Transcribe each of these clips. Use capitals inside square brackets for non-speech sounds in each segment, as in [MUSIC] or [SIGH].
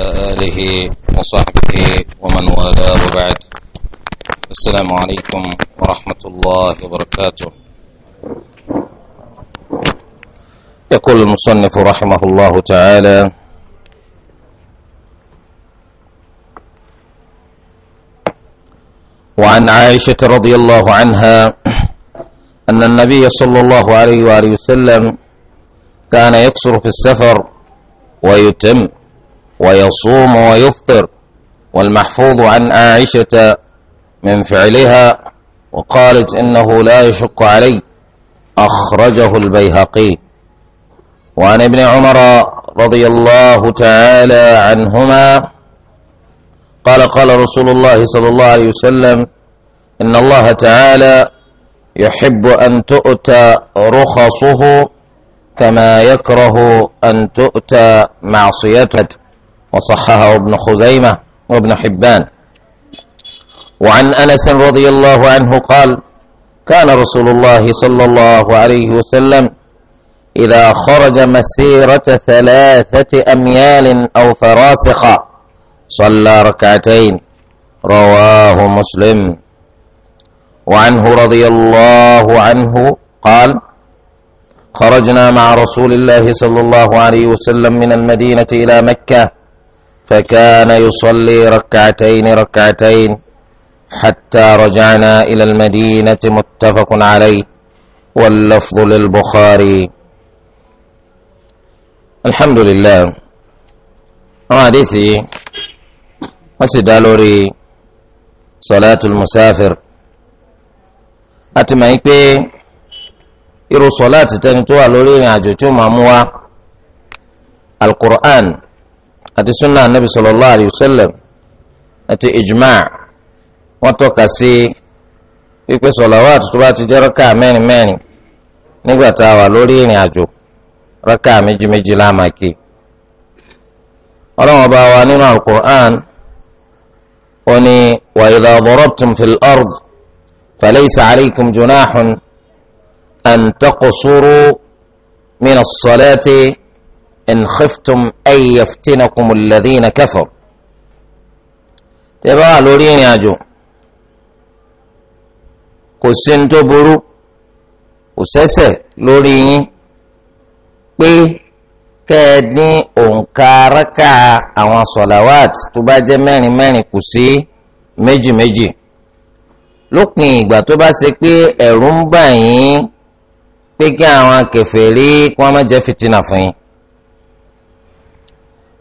آله وصحبه ومن والاه بعد السلام عليكم ورحمة الله وبركاته يقول المصنف رحمه الله تعالى وعن عائشة رضي الله عنها أن النبي صلى الله عليه وآله وسلم كان يقصر في السفر ويتم ويصوم ويفطر والمحفوظ عن عائشة من فعلها وقالت إنه لا يشق علي أخرجه البيهقي وعن ابن عمر رضي الله تعالى عنهما قال قال رسول الله صلى الله عليه وسلم إن الله تعالى يحب أن تؤتى رخصه كما يكره أن تؤتى معصيته وصححه ابن خزيمة وابن حبان وعن أنس رضي الله عنه قال كان رسول الله صلى الله عليه وسلم إذا خرج مسيرة ثلاثة أميال أو فراسخة صلى ركعتين رواه مسلم وعنه رضي الله عنه قال خرجنا مع رسول الله صلى الله عليه وسلم من المدينة إلى مكة فكان يصلي ركعتين ركعتين حتى رجعنا إلى المدينة متفق عليه واللفظ للبخاري الحمد لله حديثي وسدالوري صلاة المسافر أتمنى irú إرو صلاة tó wà lórí القرآن àti sunna anabi sallallahu alayhi wa sallam àti ijma' wọ́n tọ́ka sí pípé sọ̀làwàt tó bá ti jẹ́ rọ́kà mẹ́rin mẹ́rin nígbà tá a wà lórí ìrìn àjò rọ́kà méjì méjì lámàkì ọlọ́wọ́n bá wa nínú alukur'an ó ní wa idha darabtum fil ard falaysa alaykum junahun an إن خفتم أن يفتنكم الذين كفروا تبا لورين ياجو كسين تبرو òsẹ́sẹ̀ lórí yín pé kẹ́ ẹ dín òǹkà rákà àwọn sọ̀làwàt tó bá jẹ́ mẹ́rin mẹ́rin kù sí méjì méjì lópin ìgbà tó bá ṣe pé ẹ̀rù ń bà yín pé kí àwọn kèfèrí kí wọ́n má jẹ́ fìtínà fún yín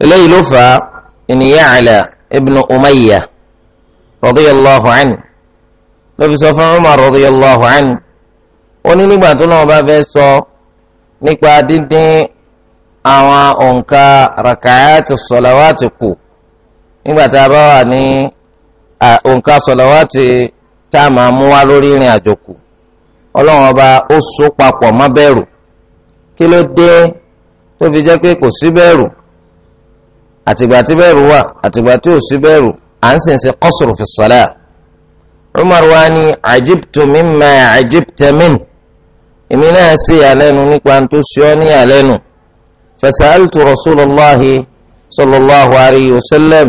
eléyìí ló fà á ìní Ya'la ibn Umayya radiyallahu anhu ló fi sọ fún Umar radiyallahu anhu ó ní nígbà tó náà bá fẹ́ sọ nípa dídín àwọn òǹkà rakaayati sọlawaati kù nígbà tá a bá wà ní òǹkà sọlawaati tá a máa mú wá lórí ìrìn àjò kù ọlọ́run ọba ó so papọ̀ má bẹ̀rù kí ló dé tó fi jẹ́ pé kò sí bẹ̀rù àtìgbà tí bẹ́ẹ̀rù wà àtìgbà tí ò sí bẹ́ẹ̀rù à ń sìn sí qasru fi salat Umar wa ni ajibtu mimma ajibta min èmi náà sí ìyàlẹ́nu nípa tó sí ọ ní ìyàlẹ́nu fasaltu rasulullahi sallallahu alayhi wa sallam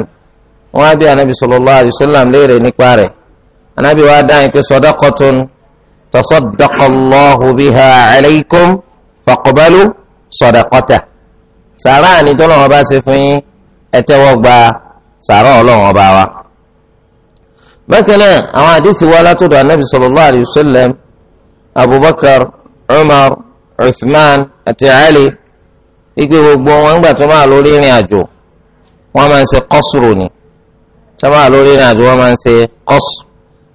wọn á bí anabi sallallahu alayhi wa sallam léèrè nípa rẹ̀ anabi wa dáhùn pé sadaqatun tasaddaqallahu biha alaykum faqbalu sadaqata sàrà ni tọ́lọ́wọ́n bá ṣe fún yín ẹ tẹ́wọ́ gba sàárọ̀ ọlọ́run ọba wa. bákan náà àwọn àdìsí wa látọ̀dọ̀ anábì sallallahu alayhi wa sallam abubakar umar uthman àti ali igbe gbogbo wọn gbà tó máa lórí ìrìn àjò wọn máa ń ṣe kọ́sùrù ni tó máa lórí ìrìn àjò wọn máa ń ṣe kọ́sùrù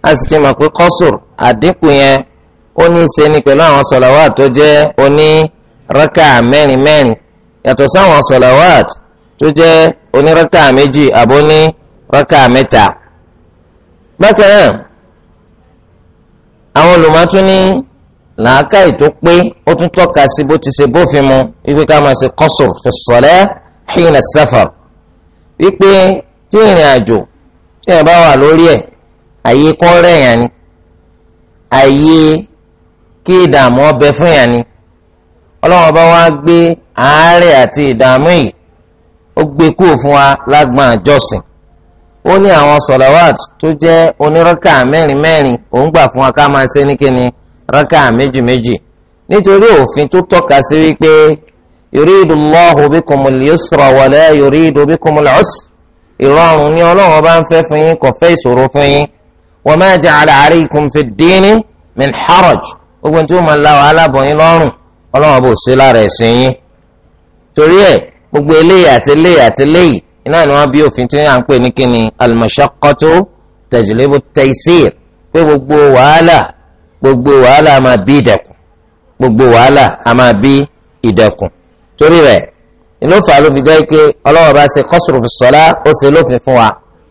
a sì ti mọ̀ pé kọ́sùrù àdínkù yẹn ó ní í ṣe ni pẹ̀lú àwọn sọ̀làwà tó jẹ́ oní rákà mẹ́rin mẹ́rin yàtọ̀ sáwọn sọ̀làwà tó tó jẹ́ onírọ́kà méjì àbó ní rọ́kà mẹ́ta bákan náà àwọn olùmọ̀tún ní làákàyè tó pé ó tún tọ́ka sí bó ti ṣe bófin mu wípé ká máa ṣe kọ́sùr fi sọ̀lẹ́ hìnà safar wípé tí ìrìn àjò tí ẹ̀ bá wà lórí ẹ̀ àyè kọ́ rẹ̀ yàn ni àyè kí ìdààmú ọbẹ̀ fún yàn ni ọlọ́wọ́n bá wá gbé àárẹ̀ àti ìdààmú yìí ó gbé kúrò fún wa lágbọn àjọsìn ó ní àwọn sọlọwàt tó jẹ́ onírọ́kà mẹ́rin mẹ́rin òun gbà fún wa ká máa ṣe ní kíni rọ́kà méjì méjì nítorí òfin tó tọ́ka sí wípé yuridu Allahu bikumul yusra wala yuridu bikumul usra ìrọ̀rùn ni Ọlọ́run ọba ń fẹ́ fún yín kò fẹ́ ìṣòro fún yín wa ma ja'ala alaykum fid dini min haraj gbogbo tí ó máa la wàhálà bọ̀ yín lọ́rùn Ọlọ́run ọba sí lára ẹ̀sìn yín torí ẹ̀ gbogbo eléyìí àti eléyìí àti eléyìí iná ni wọ́n bí òfin tí à ń pè ní kíni al-mashaqqatu tajlibu at-taysir pé gbogbo wàhálà gbogbo wàhálà máa bí ìdẹ̀kùn gbogbo wàhálà a máa bí ìdẹ̀kùn torí rẹ̀ ló fà á ló fi jẹ́ pé ọlọ́wọ́ bá ṣe qasru fi sọ́lá ó ṣe lófin fún wa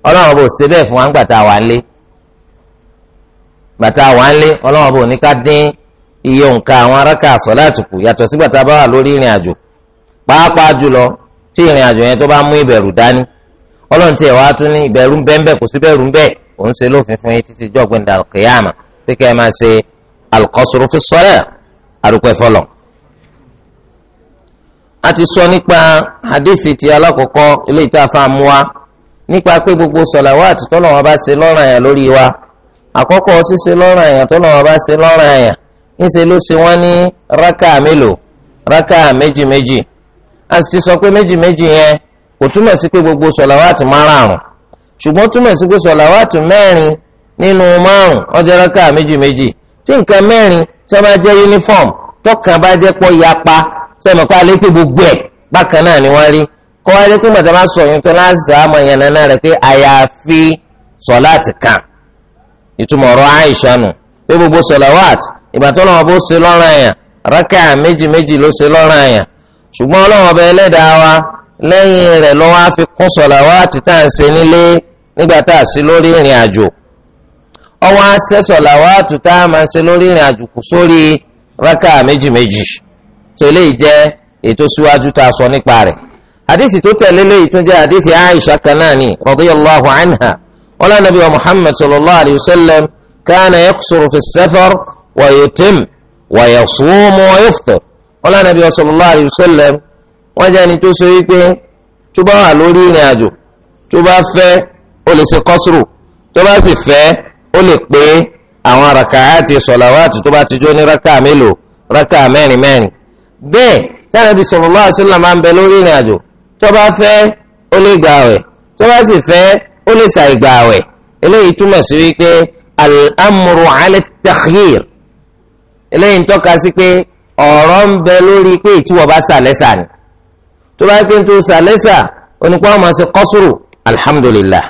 ọlọ́wọ́ bò ṣe bẹ́ẹ̀ fún wa ńgbà wà ń lé gbàtà wà ń lé ọlọ́wọ́ bò ní ká dín iye òǹkà àwọn arákà sọ́lá àtùkù yàtọ̀ sígbàtà bá wà lórí ìrìn àjò pàápàá jùlọ tí ìrìn àjò yẹn tó bá mú ìbẹ̀rù dání ọlọ́run tí ẹ̀ wá tún ní ìbẹ̀rù ń bẹ́ẹ̀ kò sí bẹ̀rù ń bẹ́ẹ̀ òun ṣe lófin fún yín títí jọ́gbìn dàrú kìyàmà pé kẹ́ ẹ máa ṣe alqasru fi salat àrùpẹ̀ fọlọ̀. a ti sọ nípa hadithi ti alákọ̀ọ́kọ́ ilé ìta fáamú wa nípa pé gbogbo salawat àti tọ́lọ̀ wọn bá ṣe lọ́ràn yẹn lórí wa àkọ́kọ́ ṣíṣe lọ́ràn yẹn tọ́lọ̀ bá ṣe lọ́ràn yẹn ńṣe ló ṣe wọ́n ní rákà mélòó rákà méjì a ti sọ pé méjì méjì yẹn kò túmọ̀ sí pé gbogbo sọ̀làwátì márààrún ṣùgbọ́n túmọ̀ sí pé sọ̀làwátì mẹ́rin nínú márùn ọjọ́ rákà méjì méjì tí nǹkan mẹ́rin tí wọ́n bá jẹ́ uniform tọ́kàn bá jẹ́ pọ̀ yapa sẹ́mi pa lé pé gbogbo ẹ̀ bákan náà ni wọ́n rí kọ́ sọ yín tó láti sàmọ̀ yẹn rẹ̀ pé àyàfi kan ìtumọ̀ ọ̀rọ̀ Àìṣà pé gbogbo sọ̀làwátì ìgbà tó lọ́wọ́ bó ṣe lọ́rùn àyàn rákà ṣùgbọ́n ọlọ́run ọba ẹlẹ́dàá wa lẹ́yìn rẹ̀ lọ́wọ́ á fi kún sọ̀làwátì tá à ń ṣe nílé nígbà tá a sí lórí ìrìn àjò ọwọ́ á ṣe sọ̀làwátì tá a máa ṣe lórí ìrìn àjò kù sórí rákà méjì méjì tó eléyìí jẹ́ ètò síwájú tá a sọ nípa rẹ̀ àdìsí tó tẹ̀lé léyìí tó jẹ́ àdìsí Aisha kan náà anha wala nabi wa Muhammad sallallahu alayhi wa sallam kana yaksuru fi safar wa yutim wa yasumu wa wọn lánàá bí sallallahu alaihi wasallam wọn jẹ́ ẹni tó so wípé tó bá wà lórí ìrìn àjò tó bá fẹ́ ó lè ṣe kọ́sùrù tó bá sì fẹ́ ó lè pé àwọn àràkàáàtì sọ̀làwàtì tó bá ti jó ní rákà mélòó rákà mẹ́rin mẹ́rin bẹ́ẹ̀ táwọn ibi sallallahu máa ń bẹ lórí ìrìn àjò tó bá fẹ́ ó lè gbààwẹ̀ tó bá sì fẹ́ ó lè ṣàì gbààwẹ̀ eléyìí túmọ̀ sí wípé al-amru ala at eléyìí ń tọ́ka sí pé ọ̀rọ̀ ń bẹ lórí pé ìtúwọ̀ bá sàlẹ́sà ni tó bá pé tó sàlẹ́sà onípa ọmọ sí kọ́sùrù alhamdulillah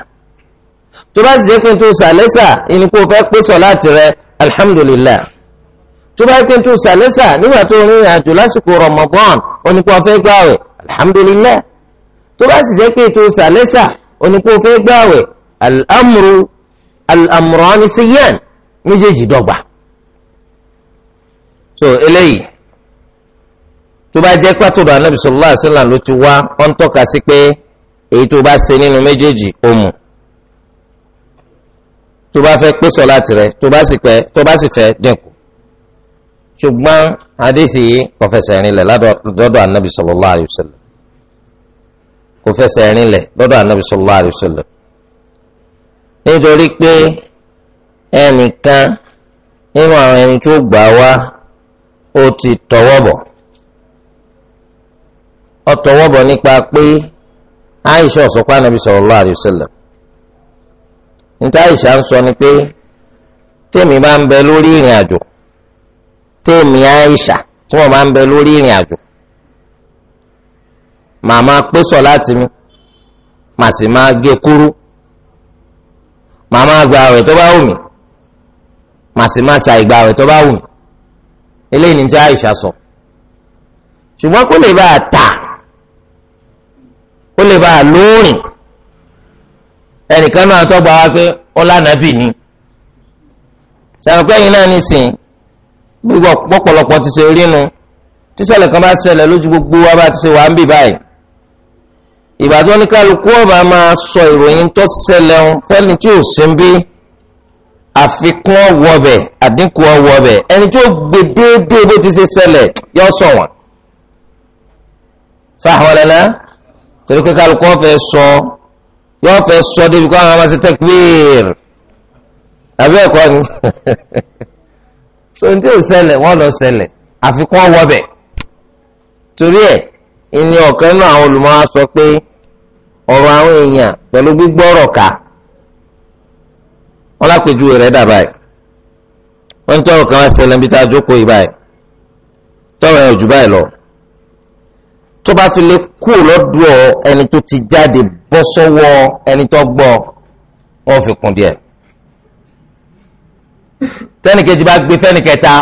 tó bá sì jẹ́ pé tó sàlẹ́sà ìnípò fẹ́ pé sọ láti rẹ alhamdulillah tó bá pé tó sàlẹ́sà nígbà tó rìnrìn àjò lásìkò Ramadan onípa fẹ́ gbààwẹ̀ alhamdulillah tó bá sì jẹ́ pé tó sàlẹ́sà onípa fẹ́ gbààwẹ̀ al-amru al méjèèjì dọ́gba so eléyìí tó bá jẹ́ pàtó Ànábì sallallahu alaihi wasallam ló ti wá ó ń tọ́ka sí pé èyí tó bá ṣe nínú méjèèjì ó mú tó bá fẹ́ pé sọ̀láàtì rẹ̀ tó bá sì pẹ́ tó bá sì fẹ́ dínkù ṣùgbọ́n hadisi yìí kò fẹsẹ̀ rinlẹ̀ lọ́dọ̀ Ànábì sallallahu alaihi kò fẹsẹ̀ rinlẹ̀ lọ́dọ̀ Ànábì sallallahu alaihi nítorí pé ẹnìkan nínú àwọn ẹni tó gbà wá ó ti tọwọ́ bọ̀ ọtọwọbọ nípa pé Aisha ọsọpá anabi sallallahu alayhi wa sallam níta Aisha ń sọ ni pé tèmi bá ń bẹ lórí ìrìn àjò tèmi Aisha tí wọn bá ń bẹ lórí ìrìn àjò màmá pèsò láti mi màá sì máa gé kúrú màá máa gba àwẹ̀ tó bá wù mí màá sì máa sa ìgbà àwẹ̀ tó bá wù mí eléyìí ni tí Aisha sọ ṣùgbọ́n kó lè bá a ta ó lè bá a lóòrìn ẹnìkan náà tó wá pé ọlànàbì ni sàrùkẹ́yìn náà nìsín gbogbo pọ̀pọ̀lọpọ̀ ti ṣe rí nu tíṣẹ̀lẹ̀ kan bá ṣẹlẹ̀ lójú gbogbo wa bá ti ṣe wà ń bì báyìí ìbàdàn oníkálukú ọba máa sọ ìròyìn tó ṣẹlẹ̀ ń fẹ́ni tí ò sí ń bí àfikún ọwọ́bẹ̀ àdínkù ọwọ́bẹ̀ ẹni tí ó gbé déédéé bó ti ṣe ṣẹlẹ̀ yọ sọ wọn. sáà wọlé náà torí pé kálukú ọ̀fẹ́ sọ yọ ọ̀fẹ́ sọ débi kó àwọn ọmọ ṣe tẹ́kpéèr abẹ́ ẹ̀kọ́ ni [LAUGHS] so ní tí ò ṣẹlẹ̀ wọ́n lọ ṣẹlẹ̀ àfikún ọwọ́bẹ̀ torí ẹ̀ ìní ọ̀kan náà àwọn olùmọ̀ wa sọ pé ọ̀rọ̀ àwọn èèyàn pẹ̀lú gbígbọ́rọ̀ ká wọn lápèjúwe rẹ̀ dà báyìí wọ́n ń tọrọ kan wá ṣẹlẹ̀ níbi tá a jókòó yìí báyìí tọrọ yẹn ò jù báyìí lọ tó bá fi lè kú lọ́dọ̀ ẹni tó ti jáde bọ́ sọ́wọ́ ẹni tó gbọ́ wọ́n fi kún díẹ̀ tẹ́nìkejì bá gbé fẹ́nìkẹta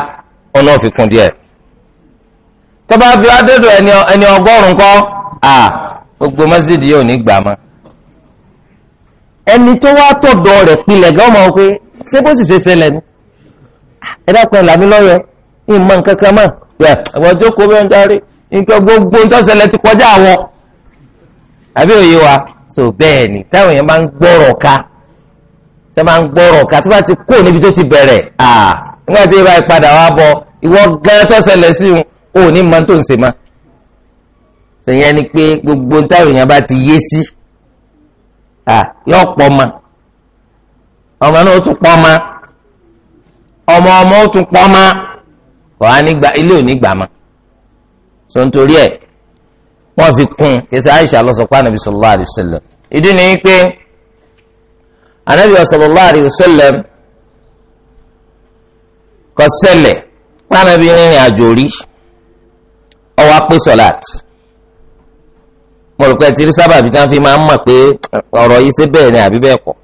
ọlọ́ọ̀ fi kún díẹ̀ tó bá fi adédò ẹni ọgọ́rùn-ún kọ́ à gbogbo mọ́sídìí yóò ní gbà mọ́ ẹni tó wá tọ̀dọ̀ rẹ̀ pilẹ̀ gan mọ̀ pé ṣé bó sì ṣe ṣẹlẹ̀ ni ẹ̀dá kan làmí lọ́yẹ̀ ìmọ̀ nǹkan kan mọ̀ yà ẹ̀wọ̀n jókòó bẹ́ẹ̀ ń darí nǹkan gbogbo ntọ́sẹ̀lẹ̀ ti kọjá àwọn àbí òye wa so bẹ́ẹ̀ ni táwọn èèyàn máa ń gbọ́rọ̀ ká tẹ́ máa ń gbọ́rọ̀ ká tó ti kó níbi tó ti bẹ̀rẹ̀ ah nígbà tí ìbá ìpadà wa bọ̀ ìwọ gán tọ́sẹ̀lẹ̀ sí un ò ní mọ tó ń ni pé gbogbo táwọn èèyàn bá ti yé sí ah pọ̀ ma ọmọ náà ó ma ọmọ ọmọ ó tún ma wàá ilé ò ní gbà ma. so nítorí ẹ̀ wọ́n fi kún kẹsì Aisha lọ sọ pé anabi sallallahu alayhi wa sallam ìdí ni pé anabi sallallahu alayhi wa sallam kò ṣẹlẹ̀ pé anabi rìnrìn àjò rí ọwọ́ apẹ́ sọ̀láàtì mọ̀lùkọ́ ẹ̀ ti rí sábàbí tí wọ́n fi máa ń mọ̀ pé ọ̀rọ̀ yìí ṣe bẹ́ẹ̀ ni àbí bẹ́ẹ̀ kọ́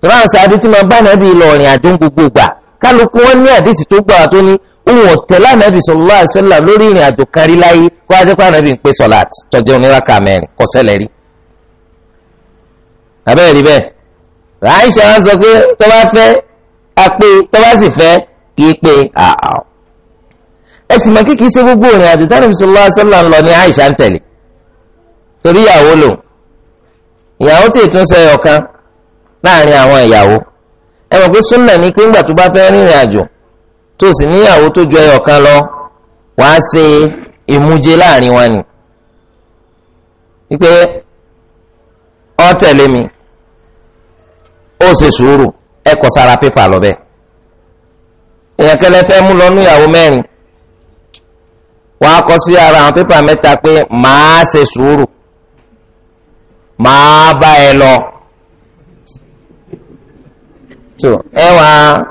tọ́lá ń sáré tí máa bá nàbí lọ rìn àjò ń gbogbo gbà kálukú wọn ní àdìsí tó gbà tó ní òun ọ̀tẹ̀ lánàbì sallallahu alaihi wasallam lórí ìrìn àjò kárí láyé kó ajẹ́ pé ànàbì ń pè sọ̀lá tọ́jú oníraka mẹ́rin kò ṣẹlẹ̀ rí. abẹ́rẹ́ rí bẹ́ẹ̀ Aisha wọn sọ pé tó bá fẹ́ apé tó bá sì fẹ́ kì í pé àá. ẹ sì mọ kíkì í ṣe gbogbo ìrìn àjò tánàbì sallallahu alaihi wasallam lọ ní Aisha ń tẹ̀lé torí ìyàwó lò ìyàwó tí ìtúnṣe ọ̀kan láàrin àwọn ìyàwó tó sì níyàwó tó ju ẹyọ kan lọ wàá ṣe ìmújẹ láàrin wọn ni wípé ọ tẹ̀lé mi ó ṣe sùúrù ẹ kọ sára pépà lọ́bẹ̀ èèyàn kẹlẹ fẹ́ mú lọ níyàwó mẹ́rin wàá kọ sí ara àwọn pépà mẹ́ta pé màá ṣe sùúrù màá bá ẹ lọ so ẹwà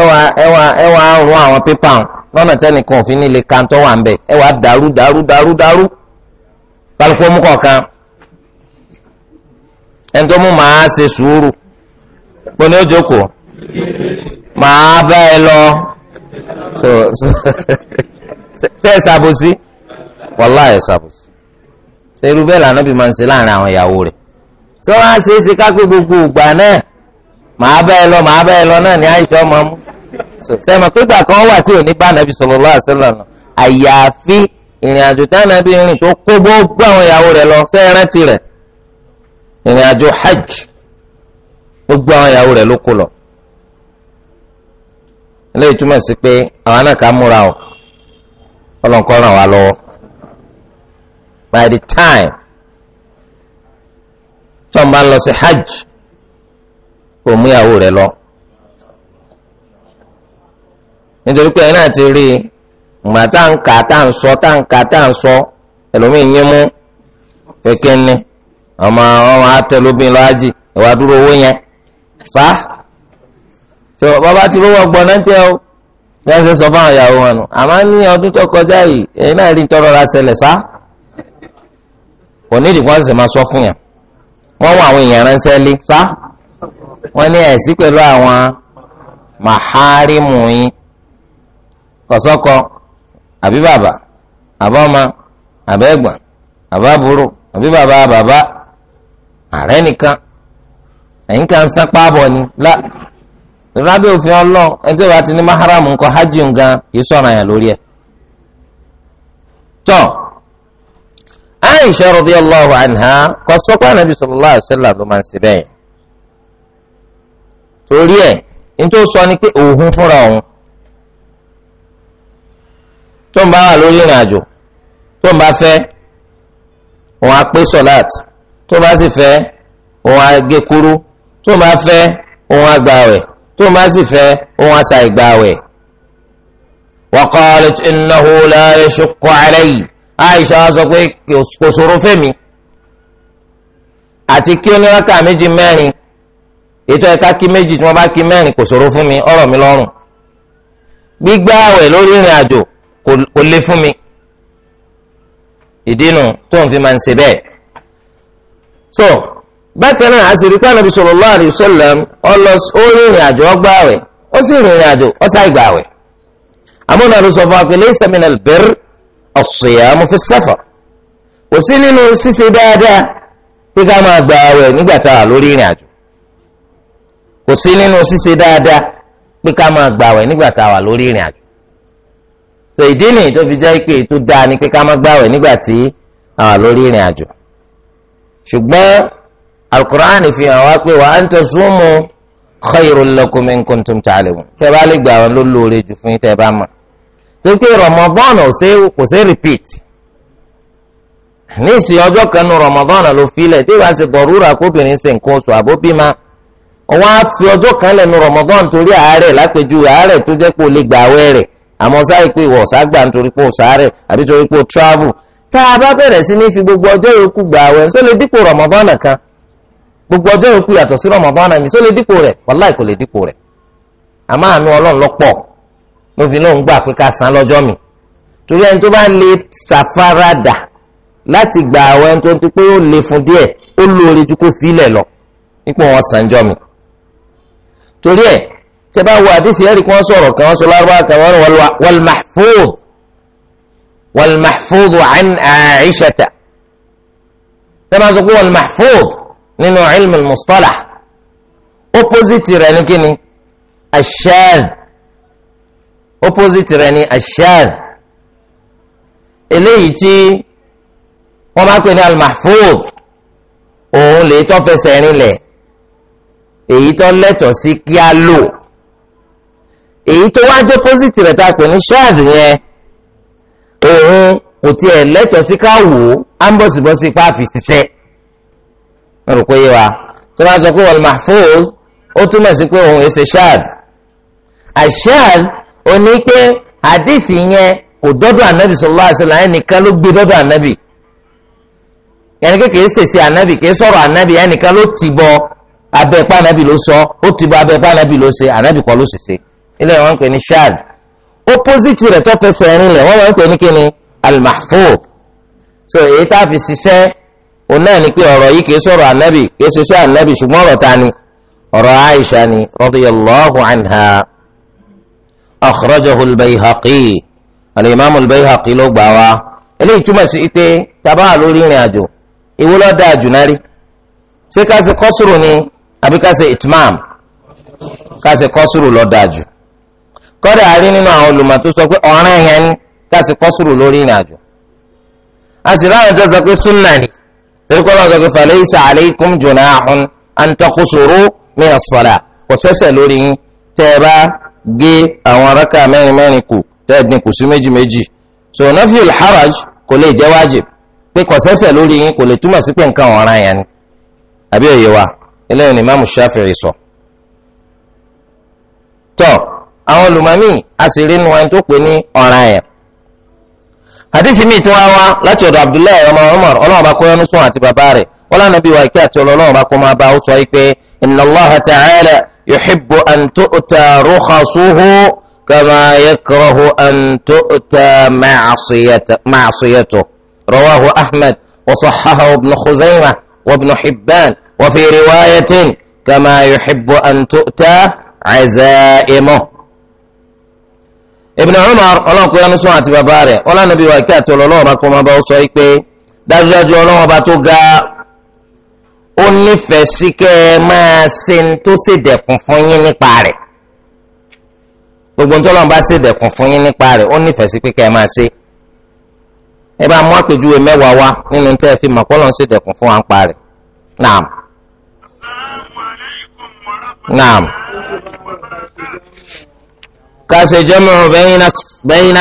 ẹwà ẹwà ẹwà rún àwọn pépà lọ́nà tẹ́nìkan òfin nílé kantọ́ wà ń bẹ̀ ẹwà dàrú dàrú dàrú dàrú kálukú mú kọ̀ọ̀kan ẹni tó mú màá ṣe sùúrù pé ní ó jókòó màá bá ẹ lọ so so [LAUGHS] ṣe ẹ ṣàbòsí wàlá ẹ ṣàbòsí ṣe irú bẹ́ẹ̀ lànà bí máa ń ṣe láàrin àwọn ìyàwó rẹ̀ tí wọ́n á ṣe é ṣe ká pé gbogbo ìgbà náà màá bẹ́ẹ̀ lọ màá bẹ́ẹ̀ lọ náà ni àìsàn ọmọ mú sẹ́mi pípa kan wà tí ò ní bá nàbí sallallahu alaihi wasallam àyàfi ìrìn àjò tánàbí rìn tó kó gbogbo àwọn ìyàwó rẹ̀ lọ sẹ́ rántí rẹ̀ ìrìn àjò hajj gbogbo àwọn ìyàwó rẹ̀ ló kó lọ. eléyìí túmọ̀ sí pé àwọn náà ká múra o ọlọ́nkọ́ ràn wá lọ́wọ́ by the time tó ń bá lọ sí hajj kò mú ìyàwó rẹ̀ lọ nítorí pé ẹ̀yin náà ti rí i ìgbà tá à ń kà tá à ń sọ tá à ń kà tá à ń sọ ẹlòmíín yín mú kékeré ní ọmọ ọmọ atẹlóbìn lọ ìwà dúró owó yẹn sá tó bàbá tí lówó ọgbọ́n náà tẹ ọ bí wọ́n ṣe sọ fáwọn ìyàwó wọn nù àmọ́ ní ọdún tó kọjá yìí ẹ̀yin náà rí tọrọ ra ṣẹlẹ̀ sá kò ní ìdìbò ọ̀sẹ̀ máa sọ fún yàn wọ́n wọ àwọn èèyàn ránṣẹ́ lé sá. wọ́n ní ẹ̀sí pẹ̀lú àwọn màhárìmù yín kọ̀sọ́kọ àbí bàbá àbọ́mọ àbẹ́gbọ̀n àbábúrò àbí bàbá bàbá ààrẹ nìkan ẹ̀yìn kan sápá bọ̀ ni lá rábẹ́ òfin ọlọ́ọ̀ ẹni tó bá ti ní maharam nǹkan hajj nǹkan kì sọ̀rọ̀ àyàn lórí ẹ̀. tọ́ Aisha radiyallahu anha kọ̀sọ́kọ́ ànábì máa ń ṣe torí ẹ̀ nítorí sọ ni pé òun fúnra òun tó ń bá wà lórí ìrìn àjò tó ń bá fẹ́ òun á pé sọ̀láàt tó bá sì fẹ́ òun á gé kúrú tó bá fẹ́ òun á gbààwẹ̀ tó bá sì fẹ́ òun á sa ìgbààwẹ̀. وقالت إنه لا يشق علي Aisha sọ pé kò ṣòro fẹ́mi àti kí ó méjì mẹ́rin ètò ẹ̀ka kí méjì tí wọ́n bá kí mẹ́rin kò ṣòro fún mi ọ̀rọ̀ mi lọ́rùn gbígbá àwẹ̀ lórí ìrìn àjò kò le fún mi ìdínú tó ń fi máa ń ṣe bẹ́ẹ̀. so bákan náà àṣírí pé Ànábì sallallahu alaihi wasallam ó rìnrìn àjò ọgbà àwẹ̀ ó sì rìnrìn àjò ọ̀sà ìgbà àwẹ̀ àmúna ló sọ fún wa pé laysa min al-birr as-siyamu fi as kò sí nínú ṣíṣe dáadáa pé ká máa gba àwẹ̀ nígbà tá a lórí ìrìn àjò kò sí nínú ṣíṣe dáadáa pé ká máa gbàwẹ̀ nígbà tá a wà lórí ìrìn àjò so ìdí nìyí tó fi jẹ́ pé tó dáa ni pé ká máa gbàwẹ̀ nígbà tí a wà lórí ìrìn àjò ṣùgbọ́n alukur'an fi hàn wá pé wa an tasumu khayrun lakum in kuntum ta'lamun tẹ́ bá lè gbàwẹ̀ ló lóore jù fún yín tẹ́ bá mọ̀ torí pé Ramadan kò sí repeat ní ìsìn ọjọ́ kan nu ló filẹ̀ tí ìwà ṣe bọ̀rúra kóbìnrin ṣe nǹkan oṣù àbóbímá ọwọ́n á fi ọjọ́ kan lẹ́nu Ramadan torí àárẹ̀ a àárẹ̀ tó jẹ́ pé o lè gbà àwẹ̀ àmọ́ sáré pé ìwọ ọ̀ságbà nítorí pé o sáré àbí torí a bá bẹ̀rẹ̀ sí ní gbogbo ọjọ́ yòókù gbà àwẹ̀ só lè dípò Ramadan kan gbogbo ọjọ́ yòókù yàtọ̀ sí Ramadan mi lè dípò rẹ̀ kò lè dípò rẹ̀ Ọlọ́run torí ẹ̀ tẹ bá wo àdìsí ẹ̀rí kan sọ̀rọ̀ kan wọ́n sọ lárúbá kan wọ́n wàlmàfóòd wàlmàfóòd àn àìṣẹ̀tà tẹ bá sọ pé wàlmàfóòd nínú ilmu mustalah opposite rẹ̀ ní kíni aṣáàl opposite rẹ̀ ní aṣáàl eléyìí tí wọ́n máa ń pè ní almahfóòd òun lè tọ́ fẹsẹ̀ rinlẹ̀ èyí tó lẹ́tọ̀ọ́ sí kí á lò èyí tó wá jẹ́ pósìtì rẹ̀ tá a pè ní ṣáàdì yẹn òun kò tiẹ̀ lẹ́tọ̀ọ́ sí ká wò ó á ń bọ̀sibọ́sí pa àfi ṣiṣẹ́ wọn rò wa tó bá sọ pé wal mahfuz ó túmọ̀ sí pé òun èsè ṣáàdì àṣáàdì ò ní pé àdìsí yẹn kò dọ́dọ̀ ànábì sallallahu alaihi wasallam ẹnìkan ló gbé dọ́dọ̀ ànábì yẹn kékeré sèse ànábì sọ̀rọ̀ ànábì ló tì bọ́ abẹ́pá anabi ló sọ ó ti bọ abẹ́pá anabi ló ṣe anabi kọ́ ló sì ṣe ilé wọn ń pè ní shad opposite rẹ̀ tó fẹsẹ̀ rin lẹ̀ wọ́n máa ń pè ní kíni al so èyí tá a fi ṣiṣẹ́ òun náà ni pé ọ̀rọ̀ yìí kìí sọ̀rọ̀ anabi kìí ṣiṣẹ́ anabi ṣùgbọ́n ọ̀rọ̀ ta ni ọ̀rọ̀ aisha ni radiyallahu anha akhrajahu al-bayhaqi al-imam ló gbà wá eléyìí túmọ̀ sí pé tabaa lórí ìrìn àjò ìwúlọ́dà àjùnárí ṣé ká kọ́sùrù ni àbí ká ṣe itmam ká ṣe kọ́sùrù ló dájú kọ́dà a rí nínú àwọn olùmọ̀ tó sọ pé ọ̀ràn yẹn ni ká ṣe kọ́sùrù lórí ìrìn àjò a sì ráwọn tó sọ pé súnà ni torí kọ́ náà sọ pé falaysa alaykum junahun an taqsuru min as-salah kò sẹ́sẹ̀ lórí yín tẹ́ ẹ bá gé àwọn rákà mẹ́rin mẹ́rin kù tẹ́ ẹ dín kù sí méjì méjì so nafil haraj kò lè jẹ́ wájib pé kò sẹ́sẹ̀ lórí yín kò lè túmọ̀ sí pé nǹkan ọ̀ràn yẹn ni àbí òye wa eléyìí ni imáàmù Shafi'i sọ. tọ́ àwọn olùmọ̀mí àṣírí nu ẹni tó pè ní ọ̀ràn yẹn. hadithi mi tí wọ́n wá láti ọ̀dọ̀ Abdullahi ọmọ Umar ọlọ́run bá kọ́ yọnu sùn àti bàbá rẹ̀ wọ́n lánàá bí wà kí àti ọlọ́run bá kọ́ máa bá ó sọ yìí pé inna Allaha ta'ala yuhibbu an tu'ta rukhasuhu kama yakrahu an tu'ta ma'siyatuhu rawahu Ahmad wa sahhahahu ibn Khuzaymah wa ibn Hibban وفي رواية كما يحب أن تؤتى عزائمه. azaimuh. Ibn Umar ọlọ́nkọ́ yẹn sún àti bàbá rẹ̀ ọlọ́nàbí wa kí àti ọlọ́wọ́ bá kọ́ ọmọ bá sọ tó ṣe ń fún yín nípa rẹ̀ gbogbo nítorí bá ṣe dẹkùn fún yín nípa rẹ̀ ó nífẹ̀ẹ́ máa ṣe ẹ bá mú àpèjúwe mẹ́wàá wá nínú tẹ́ fi mọ̀ kọ́ ṣe dẹkùn fún wa ń pa náà. نعم كاس جمع بين بين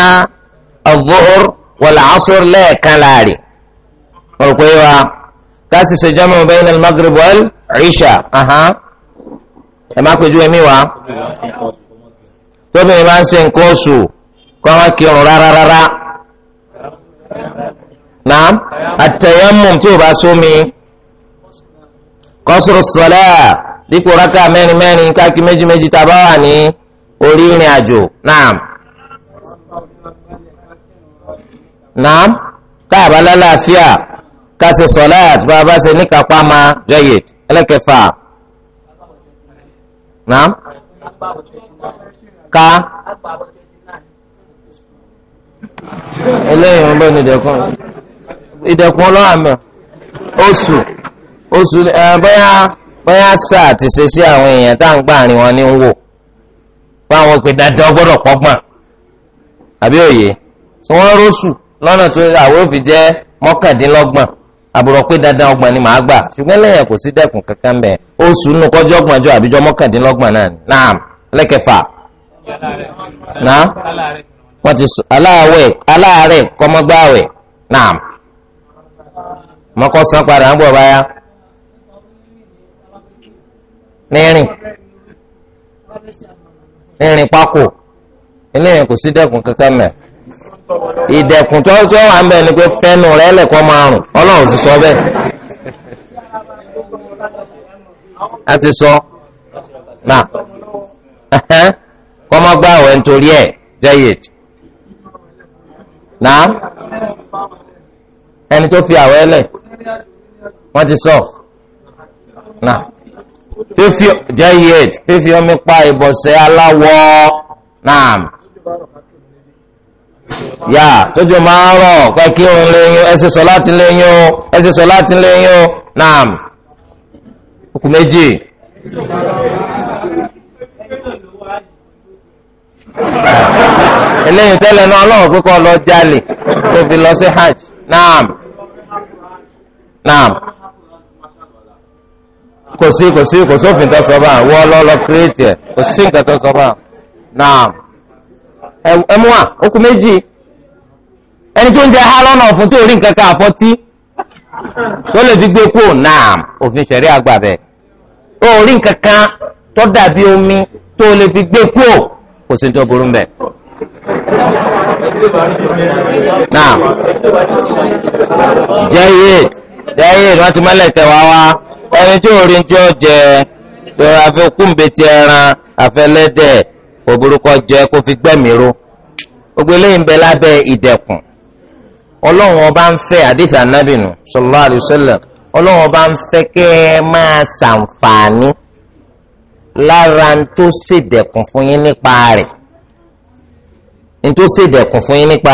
الظهر والعصر لا كلاري وكيوا كاس سجمع بين المغرب والعشاء اها اما كوجو ميوا تو بي مان سين كوسو كوا كيرو را را را نعم التيمم تو باسومي قصر الصلاه dípò rákà mẹ́rin mẹ́rin káàkì méjì méjì tá a bá wà ní orí ìrìn àjò naam naam tá a bá lálàáfíà ká ṣe sọláàt bá a bá ṣe ní kápá máa jẹyè ẹlẹ́kẹfà naam ká eléyìí ń bọ́ ìdẹ̀kùn ìdẹ̀kùn ọlọ́wà mẹ́ oṣù oṣù ẹ̀ bẹ́ẹ̀. bóyá sá àti ṣe sí àwọn èèyàn tá à ń gbà rìn wọn ní ń wò báwọn dandan gbọ́dọ̀ pọ́gbọ́n àbí òye tí wọ́n rọ́ṣù lọ́nà tó àwọn òfin jẹ́ mọ́kàndínlọ́gbọ̀n àbúrò pé dandan ọgbọ̀n ni màá gbà ṣùgbọ́n lẹ́yìn kò sí dẹ́kun kankan bẹ́ẹ̀ oṣù nù kọjọ́ ọgbọ̀n àbíjọ mọ́kàndínlọ́gbọ̀n náà naam lẹ́kẹ̀fà naam wọ́n ti sọ nírìn nírìn pákó eléyìí kò sí dẹ́kun kankan mẹ́ ìdẹ̀kùn tó tó wà ń bẹ̀ ni pé fẹ́nu rẹ̀ lẹ̀kọ́ máa rùn sì sọ bẹ́ẹ̀ a ti sọ náà kọ́ máa gbá àwẹ̀ nítorí ẹ̀ jẹ́yẹ̀d náà ẹni tó fi àwẹ̀ lẹ̀ wọ́n ti sọ na. fífi jẹyẹt fífi omi pa ìbọ̀sẹ̀ aláwọ̀ náà yà tójú máa ń rọ̀ kọ́ kí òun léyìn ẹsẹ̀ sọ láti léyìn o ẹsẹ̀ sọ láti léyìn o náà okùn méjì. eléyìí tẹ́lẹ̀ náà ọlọ́run kò sí kò sí kò sófin tó sọ báà wọ́n lọ́lọ́ kírètì ẹ̀ kò sí nǹkan tó sọ báà náà ẹ mú wa okùn méjì ẹni tó ń jẹ ha lọ́nà ọ̀fun tí ò rí nǹkan ká àfọ́tí tó lè gbé kúrò náà òfin ṣẹ̀rí àgbà bẹ̀ ó rí nǹkan kan tó dàbí omi tó lè fi gbé kúrò kò sí tó burú mbẹ̀. náà jẹ́ yéèd jẹ́ yéèd wọ́n ti mọ́lẹ̀ tẹ̀ wá wá. ẹni tí orí jẹ tí ó jẹ àfikúnbetì ẹran àfẹlẹ́dẹ̀ òbúrúkọ jẹ kó fi gbẹ̀míró gbogbo eléyìí bẹ lábẹ́ ìdẹ̀kùn ọba ń fẹ́ àdìsí anábìnú sallallahu alaihi ọba ń ẹ máa ṣàǹfààní lára ń tó fún yín nípa ń tó fún yín nípa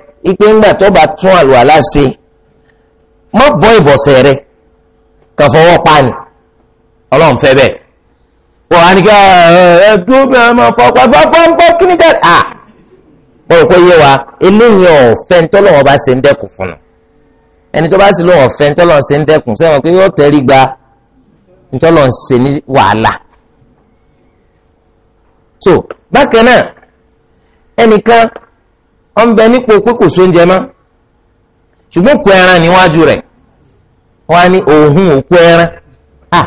ipe ńgbà tó bá tún àlùwàlá ṣe mọ́ bọ́ ìbọ̀sẹ̀ rẹ kàn fọwọ́ pa ni ọlọ́run fẹ́ bẹ́ẹ̀ wọ́n á ní ká ah, ẹ dúró bí ọmọ fọpá fọpá kí ni káàdì à wọ́n rò pé yé wa eléyìí ọ̀fẹ́ ńtọ́lọ́wọ́n bá ṣe ń dẹ́kun fún un ẹni tó bá sì lọ́wọ́ ọ̀fẹ́ ńtọ́lọ́wọ́n ṣe ń dẹ́kun sẹ́wọ̀n pé yóò tẹ́rí gba ńtọ́lọ́wọ́n ṣe ní wàhálà so bákan náà ẹnìkan Ọ ń bẹ nípò pé kò sóúnjẹ mọ́ ṣùgbọ́n òkú ẹran níwájú rẹ̀ wọ́n á ní òhun òkú ẹran à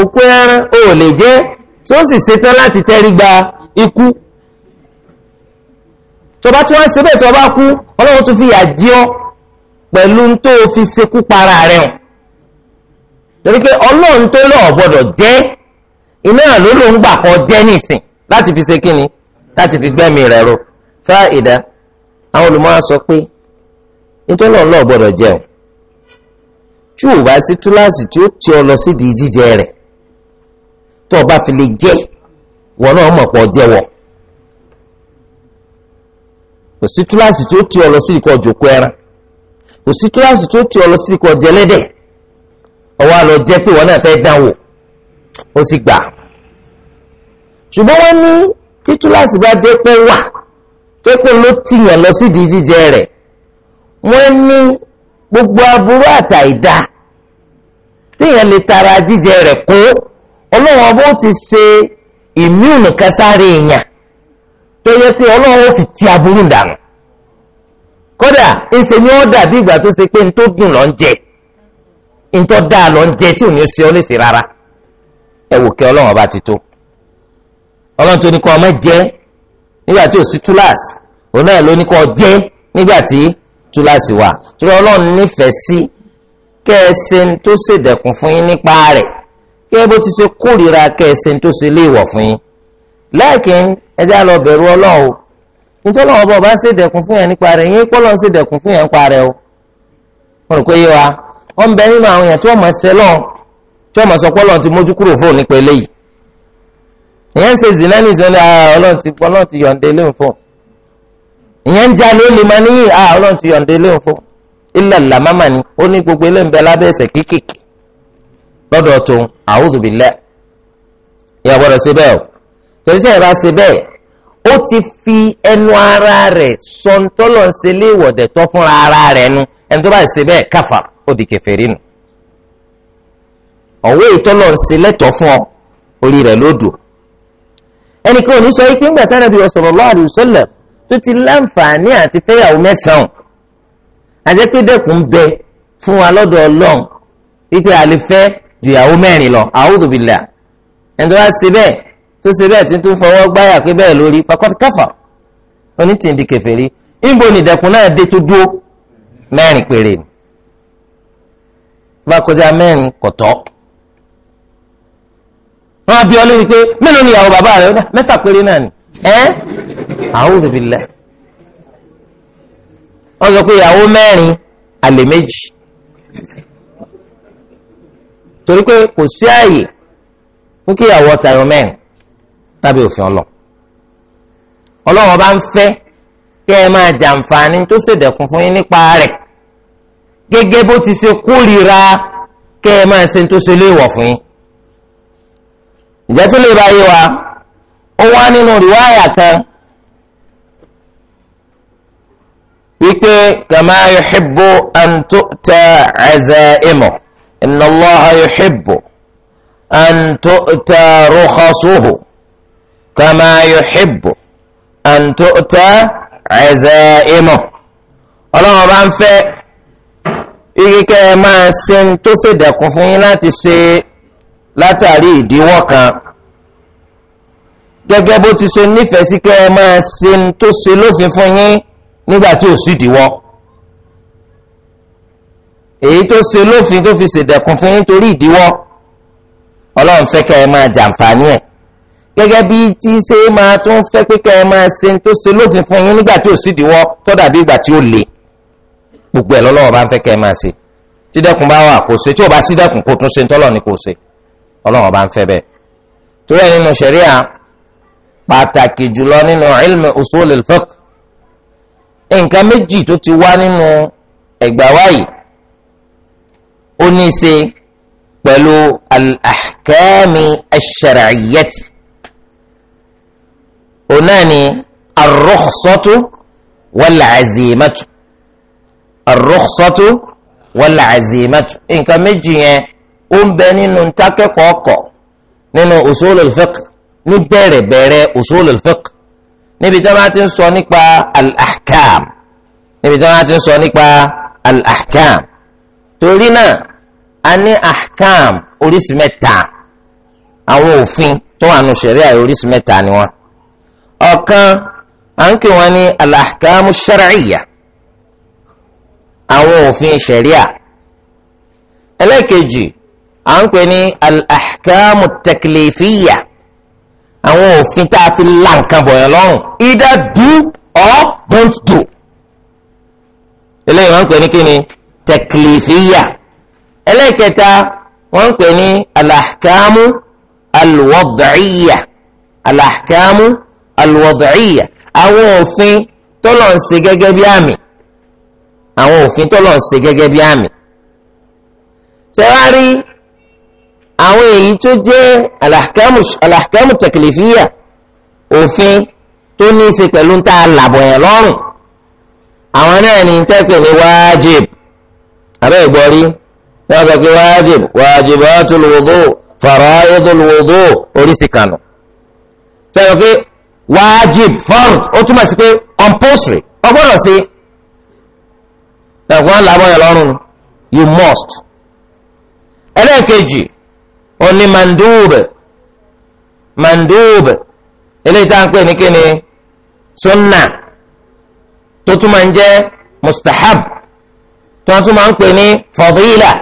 òkú ẹran ò lè jẹ́ tí ó sì ṣetán láti tẹ́rí gba ikú tó tí wọ́n ṣe bẹ́ẹ̀ fi yà jí ọ pẹ̀lú tó fi ṣekú para rẹ̀ hàn torí pé ọlọ́run tó jẹ́ iná ló ló fi ṣe kíni fi gbẹ́mìí rẹ̀ fáìdá àwọn olùmọ́ra sọ pé nítorí ọlọ́ọ̀ gbọ́dọ̀ jẹun tí ò bá sí túláàsì tí ó ti ọ lọ sídìí jíjẹ rẹ̀ tó o bá fi lè náà mọ̀ pọ̀ kò sí túláàsì tí ó ti ọ lọ sídìí kọ jòkó ẹran kò sí túláàsì tí ó ọ lọ sídìí kọ jẹlẹ́dẹ̀ ọwọ́ àlọ́ jẹ́ pé náà fẹ́ dánwò ó sì gbà ṣùgbọ́n wọ́n ní bá pé kó ló tìyàn lọ sídìí jíjẹ rẹ̀ wọ́n ní gbogbo aburú àtàìdá tíyàn lè tara jíjẹ rẹ̀ kó ọlọ́wọ́n bó ti ṣe ìmúùnù kásáré èèyàn tó yẹ pé ọlọ́wọ́n fi ti aburú dànù kódà ńṣe ni ó dàbí ìgbà tó ṣe pé n tó dùn lọ ń jẹ n tó dáa lọ ń jẹ tí ò ní ṣe ọ léṣe rárá ẹ wò kí ọlọ́wọ́n bá ti tó ọlọ́run tó ní kọ́ ọmọ jẹ́ nígbà tí ò sí túláàsì òun náà ló ní kó jẹ́ nígbà tí túláàsì wà torí ọlọ́run nífẹ̀ẹ́ sí kẹ́ẹ̀sẹ̀ tó ṣèdẹ̀kùn fún yín nípa rẹ̀ kí bó ti ṣe kórìíra kẹ́ẹ̀sẹ̀ tó ṣe léèwọ̀ fún yín lẹ́ẹ̀kìn ẹjẹ́ lọ bẹ̀rù ọlọ́run nítorí ọba ọba ṣèdẹ̀kùn fún yẹn nípa rẹ̀ yín pọ́lọ́ ṣèdẹ̀kùn fún yẹn nípa rẹ̀ o mo rò pé yé wa wọ́n ń bẹ nínú àwọn èèyàn tí wọ́n mọ̀ ṣẹ́ lọ́n tí wọ́n mọ̀ sọ pọ́lọ́ ti mójú kúrò fóun nípa eléyìí ìyẹn ń ṣe zìnnà ní ìṣẹ́lẹ̀ ah, ọlọ́run ti yọ̀ǹde léun fóun ìyẹn ń jáde ó lè máa níyì à ah, ọlọ́run ti yọ̀ǹde léwu fún ilẹ̀ làmámà ni ó ní gbogbo eléńbẹ lábẹ́ ẹsẹ̀ kéékèèké lọ́dọ̀ tó a'udhu billah ìyá gbọ́dọ̀ ṣe bẹ́ẹ̀ o torí sẹ́yìn bá ṣe bẹ́ẹ̀ ó ti fi ẹnu ara rẹ̀ sọ ntọ́lọ̀ ń ṣe léèwọ̀dẹ̀ tọ́ fúnra ara rẹ̀ nu ẹni tó bá ṣe bẹ́ẹ̀ káfà ó di kèfèrí nù ọ̀wé ìtọ́lọ̀ ń ṣe lẹ́tọ̀ọ́ fún ọ orí rẹ̀ lódò ẹnì kan ò ní sọ yìí pé ńgbà tánàbí sallallahu alaihi wasallam tó ti láǹfààní àti fẹ́yàwó mẹ́sàn-án àjẹpẹ́dẹ́kùn bẹ fún wa lọ́dọ̀ ọlọ́run wípé a lè fẹ́ jùyàwó mẹ́rin lọ a'udhu billah ẹni tó bá ṣe bẹ́ẹ̀ tó ṣe bẹ́ẹ̀ tí tó fọwọ́ gbáyà pé bẹ́ẹ̀ lórí fakọ́tí káfà onítìǹdì kẹfẹ́rí níbo ni ìdẹ̀kùn náà dé tó dúró mẹ́rin péré ni bá kọjá mẹ́rin kọ̀tọ́ wọ́n á bí ọ lórí pé mélòó ni ìyàwó bàbá rẹ̀ mẹ́fà péré náà ni ẹ́ a'udhu billah wọ́n sọ pé ìyàwó mẹ́rin àlè méjì torí pé kò sí ààyè fún kí ìyàwó tayọ mẹ́rin tàbí òfin ọlọ Ọlọ́run bá ń fẹ́ kí ẹ máa jàǹfààní tó ṣèdẹ̀kùn fún yín nípa rẹ̀ gẹ́gẹ́ bó ti ṣe kórìíra kí ẹ máa ṣe tó ṣe léèwọ̀ fún yín ìjẹ́ tó lè bá wa ó wá nínú rìwáyà kan. wípé kama yuhibbu an tu'ta azaimu inna allaha yuhibbu an tu'ta rukhasuhu kama yuhibbu an tu'ta azaimu ọlọ́run bá ń fẹ́ ikíkẹ́ máa ṣe ń tó ṣe dẹ̀kun fún yín láti ṣe látàrí ìdíwọ́ kan gẹ́gẹ́ bó ti ṣe nífẹ̀ẹ́ sí kẹ́ máa ṣe tó ṣe lófin fún yín nígbà tí ò sí ìdíwọ́ èyí tó ṣe lófin tó fi ṣèdẹ̀kùn fún yín torí ìdíwọ́ ọlọ́run fẹ́ kẹ́ ẹ máa jàǹfààní ẹ̀ gẹ́gẹ́ bí tí ṣe máa tún fẹ́ pé kẹ́ ẹ máa ṣe tó ṣe lófin fún yín nígbà tí ò sí ìdíwọ́ tó dàbí ìgbà tí ó le gbogbo ẹ̀ lọ́lọ́run bá ń fẹ́ kẹ́ ẹ máa ṣe tí dẹ́kun bá wà kó ṣe tí ò bá sí dẹ́kun kó tún ṣe tọ́lọ̀ ni kó ṣe ọlọ́run bá ń fẹ́ bẹ́ẹ̀ torí ẹ̀ nínú ṣẹ̀ríà pàtàkì jùlọ nínú ilmi usulil fiqh nǹkan méjì tó ti wá nínú ẹ̀gbà wáyìí ó ní í ṣe pẹ̀lú al-ahkami ash-shar'iyyati òun náà ni ar-rukhsatu wal-azimatu ar-rukhsatu wal nǹkan méjì yẹn ó ń bẹ nínú ntakẹ́kọ̀ọ́ nínú usulul fiqh ní bẹ̀rẹ̀bẹ̀rẹ̀ usulul fiqh níbi tí wọ́n ti ń sọ nípa al-ahkam níbi tí wọ́n ti ń sọ nípa al-ahkam torí náà a ní ahkam oríṣi mẹ́ta àwọn òfin tó wà nù ṣẹ̀ríà oríṣi mẹ́ta ni wọ́n ọ̀kan à ń kí wọ́n ní al-ahkamu shar'iyya àwọn òfin ṣẹ̀ríà ẹlẹ́ẹ̀kejì à ń pè ní al-ahkamu taklifiyya àwọn òfin tá a ti la nǹkan bọ̀yàn lọ́rùn either do or don't do eléyìí wọ́n ń pè ní kíni tẹkìlìfìyà ẹlẹ́kẹta wọ́n ń pè ní alahkamu alwọ́dọ̀ọ́yà alahkamu alwọ́dọ̀ọ́yà àwọn òfin tọ́lọ̀ ń ṣe gẹ́gẹ́ bí àmì àwọn òfin tọ́lọ̀ ń ṣe gẹ́gẹ́ bí àmì tẹ́wárí àwọn èyí tó jẹ́ alahkamu taklifiya òfin tó ní í ṣe pẹ̀lú ń ta làbọ̀ yẹn lọ́rùn àwọn náà ní tẹ́pẹ̀ ní wájib abẹ́ ìgbọ́rí wọ́n sọ pé wájib wajibatul wudu faraidul wudu oríṣi kanu sọ pé wájib fard ó túmọ̀ sí pé compulsory ó gbọ́dọ̀ sí ẹ̀kọ́ làbọ̀ yẹn lọ́rùn you must ẹlẹ́ẹ̀kejì ó ní mandúbẹ̀ mandúbẹ̀ eléyìí tá à ń pè ní kíni sunna tó tún máa ń jẹ́ mustahab tó tún máa ń pè ní fadila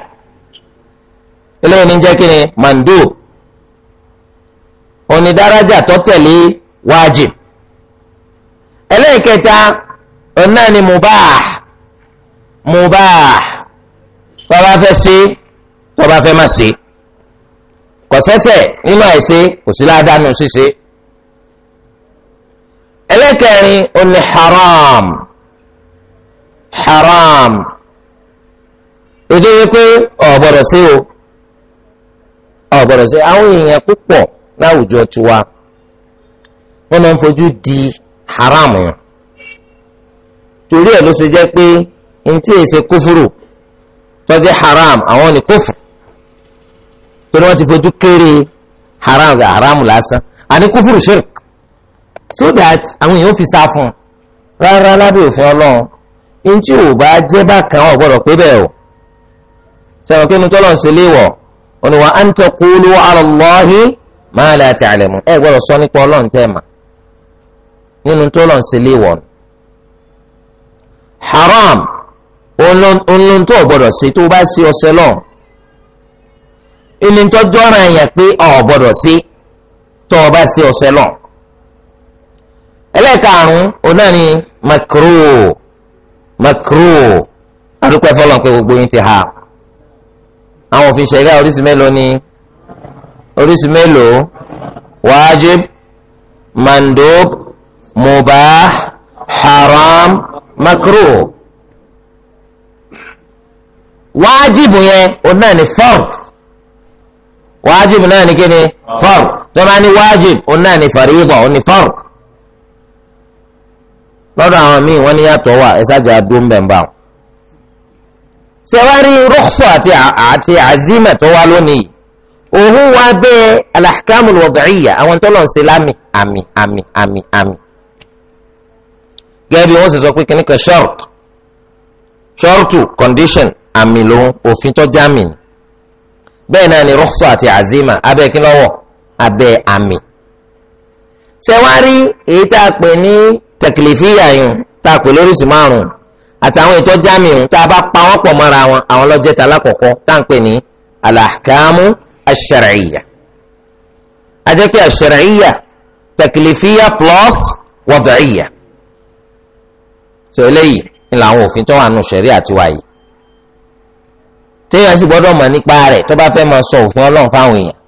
eléyìí ní jẹ́ kíni mandúbẹ̀ ó tó tẹ̀lé wájib ẹlẹ́ẹ̀kẹta ọ̀nà ni mubah mubah tó fẹ́ ṣe tó fẹ́ má ṣe kọ̀sẹ́sẹ̀ nínú àìṣe kò sí ládánù ṣíṣe. ẹlẹ́kẹ̀rin ó ní haram haram èdè wípé ọ̀gbọ̀dọ̀ sí o ọ̀gbọ̀dọ̀ sí àwọn èèyàn púpọ̀ láwùjọ tiwa wọ́n máa ń fojú di haram yẹn torí ẹ̀ ló ṣe jẹ́ pé ntí èsè kúfúrú tó haram àwọn ni kúfúrú. torí wọ́n ti fojú kéré haram ga haram lásán àní kúfùrù shirk so that àwọn èèyàn fi sá fún rárá lábẹ́ òfin ọlọ́run ní ò bá jẹ́ bákan wọn gbọ́dọ̀ pé bẹ́ẹ̀ o sẹ́wọ̀n pé nítọ́lọ̀ ń ṣe léwọ̀ oníwà á ń tẹ kúlú alọ́láhi máa lẹ́ àti àlẹ́mú ẹ gbọ́dọ̀ sọ nípa ọlọ́run tẹ́ mà nínú tọ́lọ̀ ń ṣe léwọ̀ haram òun ló ń tó gbọ́dọ̀ ṣe tó bá ṣe ìnìtọ́jú ọ̀ràn yẹn pé ọ̀ gbọ́dọ̀ sí tó o bá sí ọ̀sẹ̀ lọ. ẹlẹ́ẹ̀karùn-ún òun náà ni makro makro àdúpẹ́ fọlọ́n pé gbogbo yín ti ha àwọn òfin ṣẹ̀ríà oríṣi mélòó ni oríṣi mélòó wájib mandub mubah haram makro wájib yẹn òun ni fard wájib náà ni kí ni fọ́ọ̀rù tó máa ní wájib òun náà ni fàríyìbọ̀ òun ni fọ́ọ̀rù. lọ́dọ̀ àwọn míì wọ́n ní yàtọ̀ wà ẹ̀sájà dúnbẹ̀nbà. sẹ́wárí rọ́ọ̀sọ̀ àti àti àzímẹ̀ tó wá lónìí òun wá bẹ́ alahkamu wọ̀dọ̀ọ́yà àwọn tó lọ ń ṣe lámì àmì àmì àmì àmì. gẹ́gẹ́ bí wọ́n sì sọ pé kìnnìkan short short condition àmì lòun òfin tó jámì bẹ́ẹ̀ náà ni rọ́ṣọ àti àzima abẹ́ kí lọ́wọ́ abẹ́ àmì. sẹ́wárí èyí tá a pè ní tẹkìlìfíyà yìí tá a pè lóríṣi márùn-ún àtàwọn ètò jámì yìí tá a bá pa wọ́n pọ̀ mọ́ra wọn àwọn lọ́jẹ́ta alákọ̀ọ́kọ́ tá à pè ní alahkamu asharaiya. a pé asharaiya tẹkìlìfíyà plus wọ́dọ̀ìyà. sọ ni làwọn òfin tó wà nù sẹ̀rí àtiwáyìí téèyàn sì gbọ́dọ̀ mọ̀ nípa rẹ̀ tó bá fẹ́ máa sọ òfin ọlọ́run fáwọn èèyàn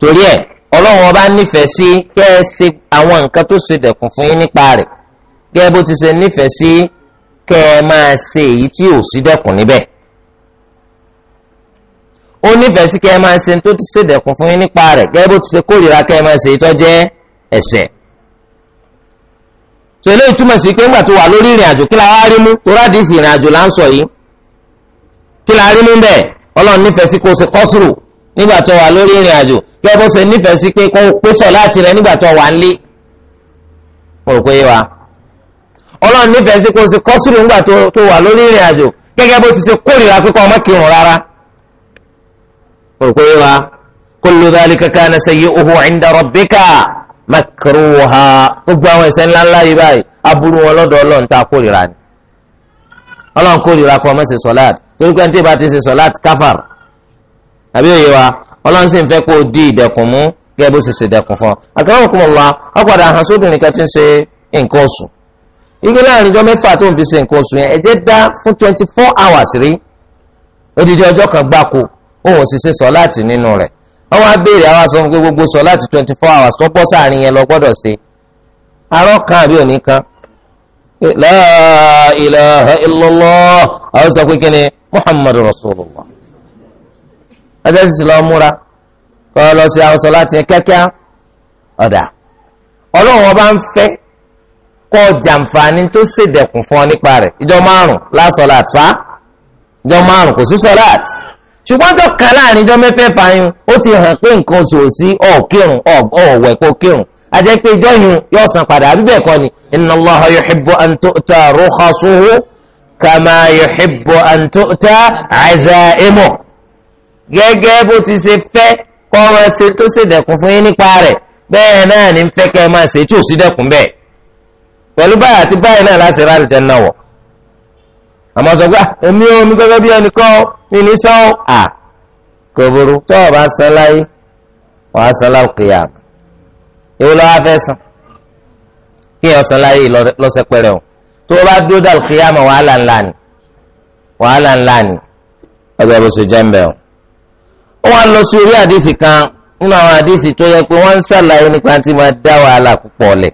torí ẹ̀ ọlọ́run ọba nífẹ̀ẹ́ sí kẹ́ ẹ ṣe àwọn nǹkan tó ṣe dẹ̀kùn fún yín nípa rẹ̀ gẹ́gẹ́ bó ti ṣe nífẹ̀ẹ́ sí kẹ́ ẹ máa ṣe èyí tí ò sí dẹ̀kùn níbẹ̀ ó nífẹ̀ẹ́ sí kẹ́ ẹ máa ṣe tó ti ṣe dẹ̀kùn fún yín nípa rẹ̀ gẹ́gẹ́ bó ti ṣe kórìíra kẹ́ ẹ máa ṣe ìtọ́ jẹ́ ẹ̀ṣẹ̀ tòlẹ́ ìtumọ̀ sí pé ńgbà tó wà lórí ìrìn kí la wá rí mú tó rádìsì ìrìn là ń sọ yìí kí la rí níbẹ̀ ọlọ́run nífẹ̀ẹ́ sí kó o ṣe kọ́sùrù nígbà tó wà lórí ìrìn àjò kí ẹ bó ṣe nífẹ̀ẹ́ sí pé kó o pé sọ láti rẹ nígbà tó wà nílé mo rò pé yé wa ọlọ́run nífẹ̀ẹ́ sí kó o ṣe kọ́sùrù nígbà tó wà lórí ìrìn àjò gẹ́gẹ́ bó ti ṣe kórìíra pé kó ọmọ kírun rárá mo rò pé yé wa kullu dhalika kana sayyi'uhu 'inda rabbika makruha gbogbo àwọn ẹ̀ṣẹ̀ ńláńlá yìí báyìí aburú wọn lọ́dọ̀ ọlọ́run tá a ọlọ́run kórìíra kọ́ ọmọ ṣe sọ́láàt torí pé ní tí bá ti ṣe sọ́láàt káfàr àbí òye wa ọlọ́run sì ń fẹ́ kó o di ìdẹ̀kùn mú kẹ́ bó ṣe ṣe dẹ̀kùn fún ọ. àkàràwọ̀ kò mọ̀ wá ọ̀padà hàn sóbìnrin kan ti ń ṣe nǹkan oṣù igi láàrin ọjọ́ mẹ́fà tó ń fi ṣe nǹkan oṣù yẹn ẹ̀jẹ̀ dá fún twenty four hours rí odidi ọjọ́ kan gbáko òun sì ṣe sọ́láàt nínú rẹ̀ ọwọ́ abéèrè àwọn aṣọ gbogbo sọ́láàt twenty four hours tó bọ́ sáàrin yẹn lọ gbọ́dọ̀ ṣe arọ́ kan àbí la ilaha illallah àwọn sọ pé kí ni muhammadu rasulullah ọjọ́sí sì lọ múra kọ́ lọ sí àwọn sọ láti kẹ́kẹ́ ọ̀dà ọlọ́run ọba ń fẹ́ kọ́ jàǹfààní tó ṣèdẹ̀kùn fún ọ nípa rẹ̀ ìjọ márùn lásọ̀ láti fa ìjọ márùn kò sí ṣùgbọ́n ti hàn pé nǹkan oṣù ajẹ́ pé ìjọ yìí yóò san padà àbí bẹ́ẹ̀ kọ́ ni inna Allaha yuhibbu an tu'ta rukhasuhu kama yuhibbu an tu'ta azaimuhu gẹ́gẹ́ bó ti ṣe fẹ́ kọ́ máa ṣe tó ṣe dẹ̀kun fún yín nípa rẹ̀ bẹ́ẹ̀ náà ni ń fẹ́ kẹ́ máa ṣe tí ò sí dẹ̀kun bẹ́ẹ̀ pẹ̀lú báyìí àti báyìí náà láti rárẹ̀ tẹ́ náà wọ̀ àmọ́ sọ pé ah, èmi ò mi gẹ́gẹ́ bí ẹnìkan mi èyí lọ́wọ́ afẹ́ san kí èèyàn san láyé lọ́sẹ̀ pẹ̀rẹ̀ o tó o bá dúró dàlù kíyàmà wàhálà ńlá ni wàhálà ńlá ni ọjọ́ bó ṣe jẹ́ ń bẹ̀ o. ó wá lọ sí orí àdìsí kan nínú àwọn àdìsí tó yẹ pé wọ́n ń ṣàlàyé nípa tí máa dá wàhálà púpọ̀ lẹ̀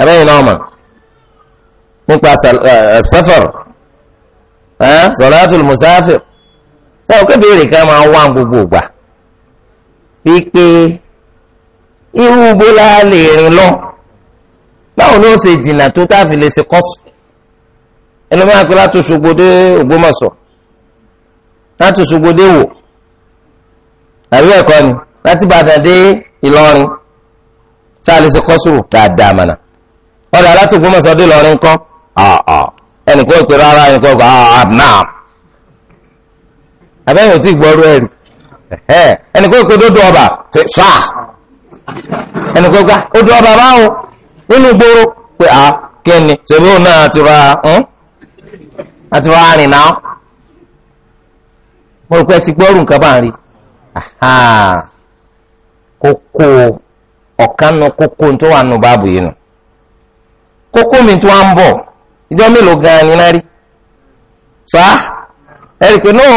abẹ́yìn náà mọ̀ nípa safar sọ̀látùl musafir sẹ́wọ̀n kébìrì kan máa wá gbogbo ògbà pípé irú bó la lè rìn lọ báwo ló ṣe jìnnà tó tá a fi lè ṣe kọ́sù ẹni máa pe láti Òṣogbo dé Ògbómọ̀ṣọ́ láti Òṣogbo dé Ìwó àbí ẹ̀kọ́ ni láti Ìbàdàn dé Ìlọrin tá a lè ṣe kọ́sù dáadáa mọ̀nà ọ̀dà láti Ògbómọ̀ṣọ́ dé Ìlọrin kọ́ ẹnì kan pè rárá ẹnì kan gbà náà abẹ́yẹn ò tí gbọ́rú ẹ̀rí ẹnì kan pè dódò ọba fà. ẹnì gbogbo ọbara ahụ bàbá o nínú ìgboro pé à kíni ṣèbí òun náà ti ra àti ra rìn náà mo rò pé ti gbọ́rù nǹkan bá ń rí kókó ọ̀kánu kókó tó wà nù báàbù yìí nù kókó mi tó wà ń bọ̀ ìjọ mélòó gan ni náà rí sá ẹ̀rì pé náà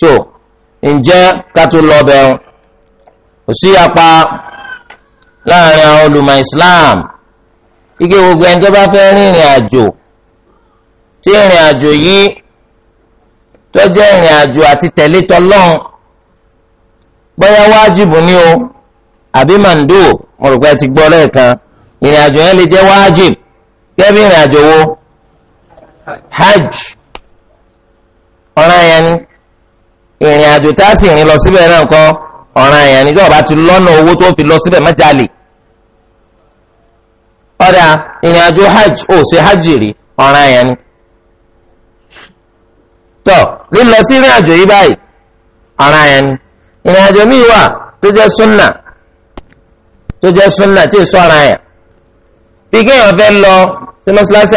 tó ǹjẹ́ kátó lọ bẹ̀rù apá láàrin àwọn olùmọ̀ Islam gbogbo ẹni fẹ́ rìnrìn àjò tí ìrìn yìí tó jẹ́ ìrìn àti tẹ̀lé tọlọ́n bóyá wájibù ni o àbí màndó ti gbọ́ lẹ́ẹ̀kan ìrìn àjò ìrìn àjò tá a sì rìn lọ síbẹ̀ náà kọ́ ọ̀ràn àyàn níjọ́ ọba ti lọ́nà owó tó fi lọ síbẹ̀ mẹ́jálè ọ̀dà ìrìn àjò hajj ò ṣe hajj rí ọ̀ràn àyàn ni. tọ́ lílọ sí ìrìn àjò yìí báyìí ọ̀ràn àyàn ni ìrìn àjò míì wà tó jẹ́ súnà tó jẹ́ súnà tí èso ọ̀ràn àyàn. bí kéèyàn fẹ́ lọ sí mọ́ṣáláṣí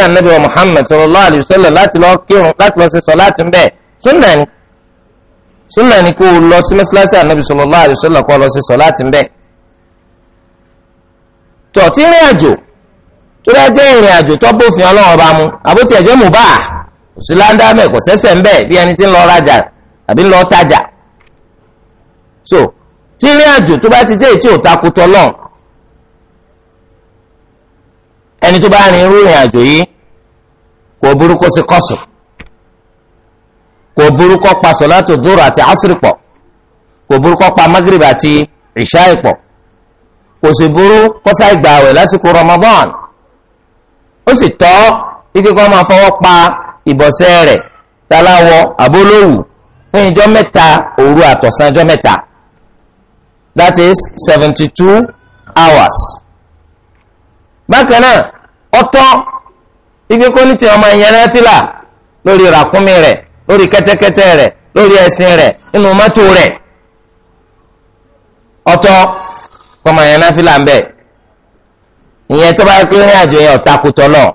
ànábì súnà ni kó o lọ sí mẹsàlásì ànábì sallallahu alaihi wasallam kó o lọ sí sọ láti ń bẹ tọ tí ìrìn àjò tó dá jẹ ìrìn àjò tó bófin Ọlọ́run ọba mu àbótí ẹjẹ mú bá kò sí láńdá mẹ kò sẹsẹ ń bẹ bí ẹni tí ń lọ rajà àbí ń lọ tajà so tí ìrìn àjò tó bá ti jẹ ètí òtakùtọ lọ ẹni tó bá rin irú ìrìn àjò yìí kò burú sí kọsùn kò burúkọ pa sọ̀látò dúró àti asiri pọ̀ kò burúkọ pa magrib àti ìṣáì pọ̀ kò sì burú kọ́sá ìgbà àwẹ̀ lásìkò Ramadan ó sì tọ́ ike máa fọwọ́ pa ìbọ̀sẹ̀ rẹ̀ taláwọ abólówù fún ìjọ mẹ́ta òru àtọ̀sán ìjọ mẹ́ta that is seventy two hours bákan náà ọtọ́ ike kọ́ ní tiwọn máa yẹn rántí là lórí ràkúnmí rẹ̀ lórí kẹ́tẹ́kẹ́tẹ́ rẹ̀ lórí ẹṣin rẹ̀ nínú mọ́tò rẹ̀ ọ̀tọ̀ kọ́mọ yẹn náfìlà ń bẹ̀ ìyẹn tó bá yẹ kó rìn àjò yẹn ọ̀tá kù tọ́lọ̀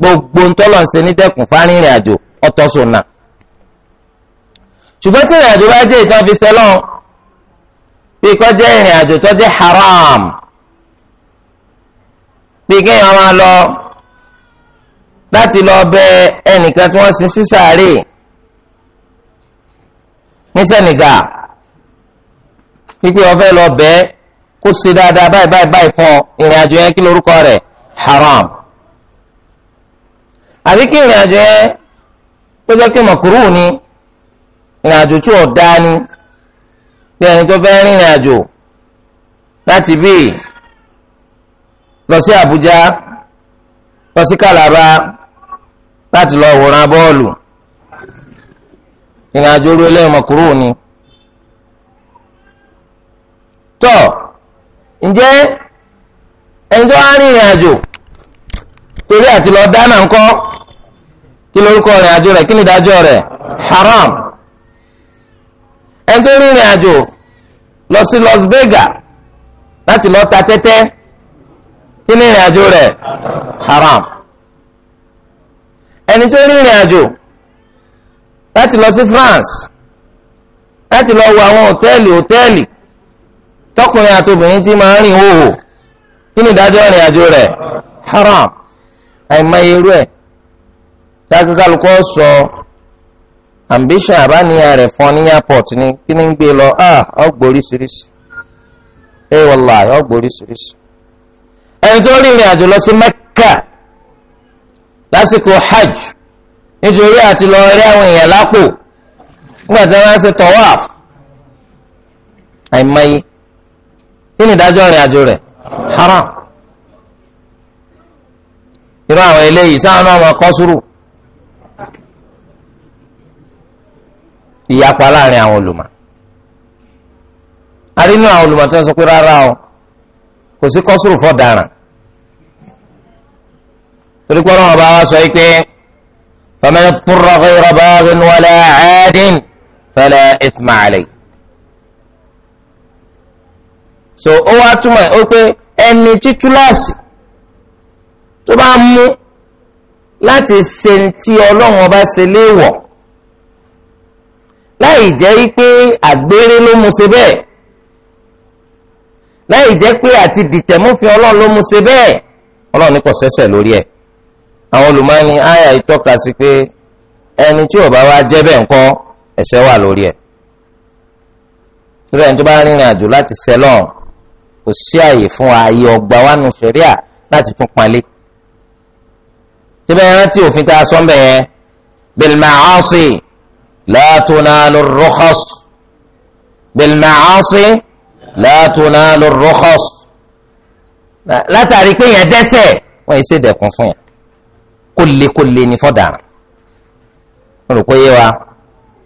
gbogbo ń tọ́lọ̀ ń ṣe ní dẹ́kun fárin ìrìn àjò ọ̀tọ̀ sọ̀nà ṣùgbọ́n tí ìrìn àjò bá jẹ́ ìtàn fi sẹ́lọ̀ bí kò jẹ́ ìrìn àjò tó jẹ́ haram bí kéèyàn máa lọ láti lọ bẹ ẹnìkan tí wọ́n sin sí sàárè ní Senegal pípé ọ̀fẹ́ lọ bẹ́ẹ̀ kó ṣe dáadáa báyìí báyìí báyìí fún ọ ìrìn àjò yẹn kí lorúkọ rẹ̀ haram àbí kí ìrìn àjò yẹn tó jẹ́ pé mọ̀kúrú ni ìrìn àjò tí ò dáa ni bí ẹni tó fẹ́ rìnrìn àjò láti bíi lọ sí Àbújá lọ sí Kàlàbá láti lọ wòran bọ́ọ̀lù ìrìn àjò orí ẹlẹ́yìn mọ̀kúrò ni. tọ́ ǹjẹ́ ẹni tó wá rìnrìn àjò torí àti lọ dáná ńkọ́ kí lórúkọ rìn àjò rẹ̀ kí ni ìdájọ́ rẹ̀ haram ẹni tó rìnrìn àjò lọ sí Las Vegas láti lọ ta tẹ́tẹ́ kí ni ìrìn àjò rẹ̀ haram ẹni tó rìnrìn àjò. láti lọ sí France láti lọ wo àwọn hòtẹ́ẹ̀lì hòtẹ́ẹ̀lì tọkùnrin àti obìnrin tí máa ń rìn hòhò kí ni ìdájọ́ ìrìn àjò rẹ̀ haram àìmọye irú ẹ̀ dákẹ́ kálukọ́ sọ ambition àbáníyà rẹ̀ fún ọ ní airport ni kí ni ń gbé lọ ọgbọ oríṣiríṣi ẹ wallahi ọgbọ oríṣiríṣi ẹni tó rìnrìn àjò lọ sí Mecca, lásìkò hajj nítorí àti lọ rí àwọn èèyàn lápò nígbà tí wọ́n ṣe tọ́wáf àìmọye kí ni ìdájọ́ ìrìn àjò rẹ̀ haram irú àwọn eléyìí sáwọn náà wọn kọ́ sùúrù ìyapa láàrin àwọn olùmọ̀ a rí inú àwọn olùmọ̀ tí wọ́n sọ pé rárá o kò sí kọ́ sùúrù torí pé ọlọ́run ọba wa sọ yìí pé. فمن اضطر غير باغ ولا عاد فلا إثم عليه so ó wá túmọ̀ ó pé ẹni tí túláàsì tó bá mú láti ṣe tí ọlọ́run ọba ṣe léèwọ̀ láì jẹ́ pé àgbèrè ló mú ṣe bẹ́ẹ̀ láì jẹ́ pé àti dìtẹ̀múfin ọlọ́run ló mú ṣe bẹ́ẹ̀ ọlọ́run ní kò ṣẹ̀ṣẹ̀ lórí ẹ̀ àwọn olùmọ́ni àyà ìtọ́ka sí pé ẹni tí ó bá wá jẹ́ bẹ́ẹ̀ ńkọ́ ẹ̀ṣẹ̀ wà lórí ẹ̀ torí ẹni tó bá rìnrìn àjò láti sẹlọ́n kò sí àyè fún ààyè ọgbà wánu sẹ̀ríà láti tún palẹ̀ síbẹ̀ rántí òfin tá a sọ mbẹ̀ yẹn bilmaasi la tunalu rukhas bilmaasi la tunalu rukhas látàrí pé yẹn dẹ́ṣẹ̀ wọ́n yìí ṣèdẹ̀kùn fún yẹn kólekóle ní fọ́daràn mo rò wa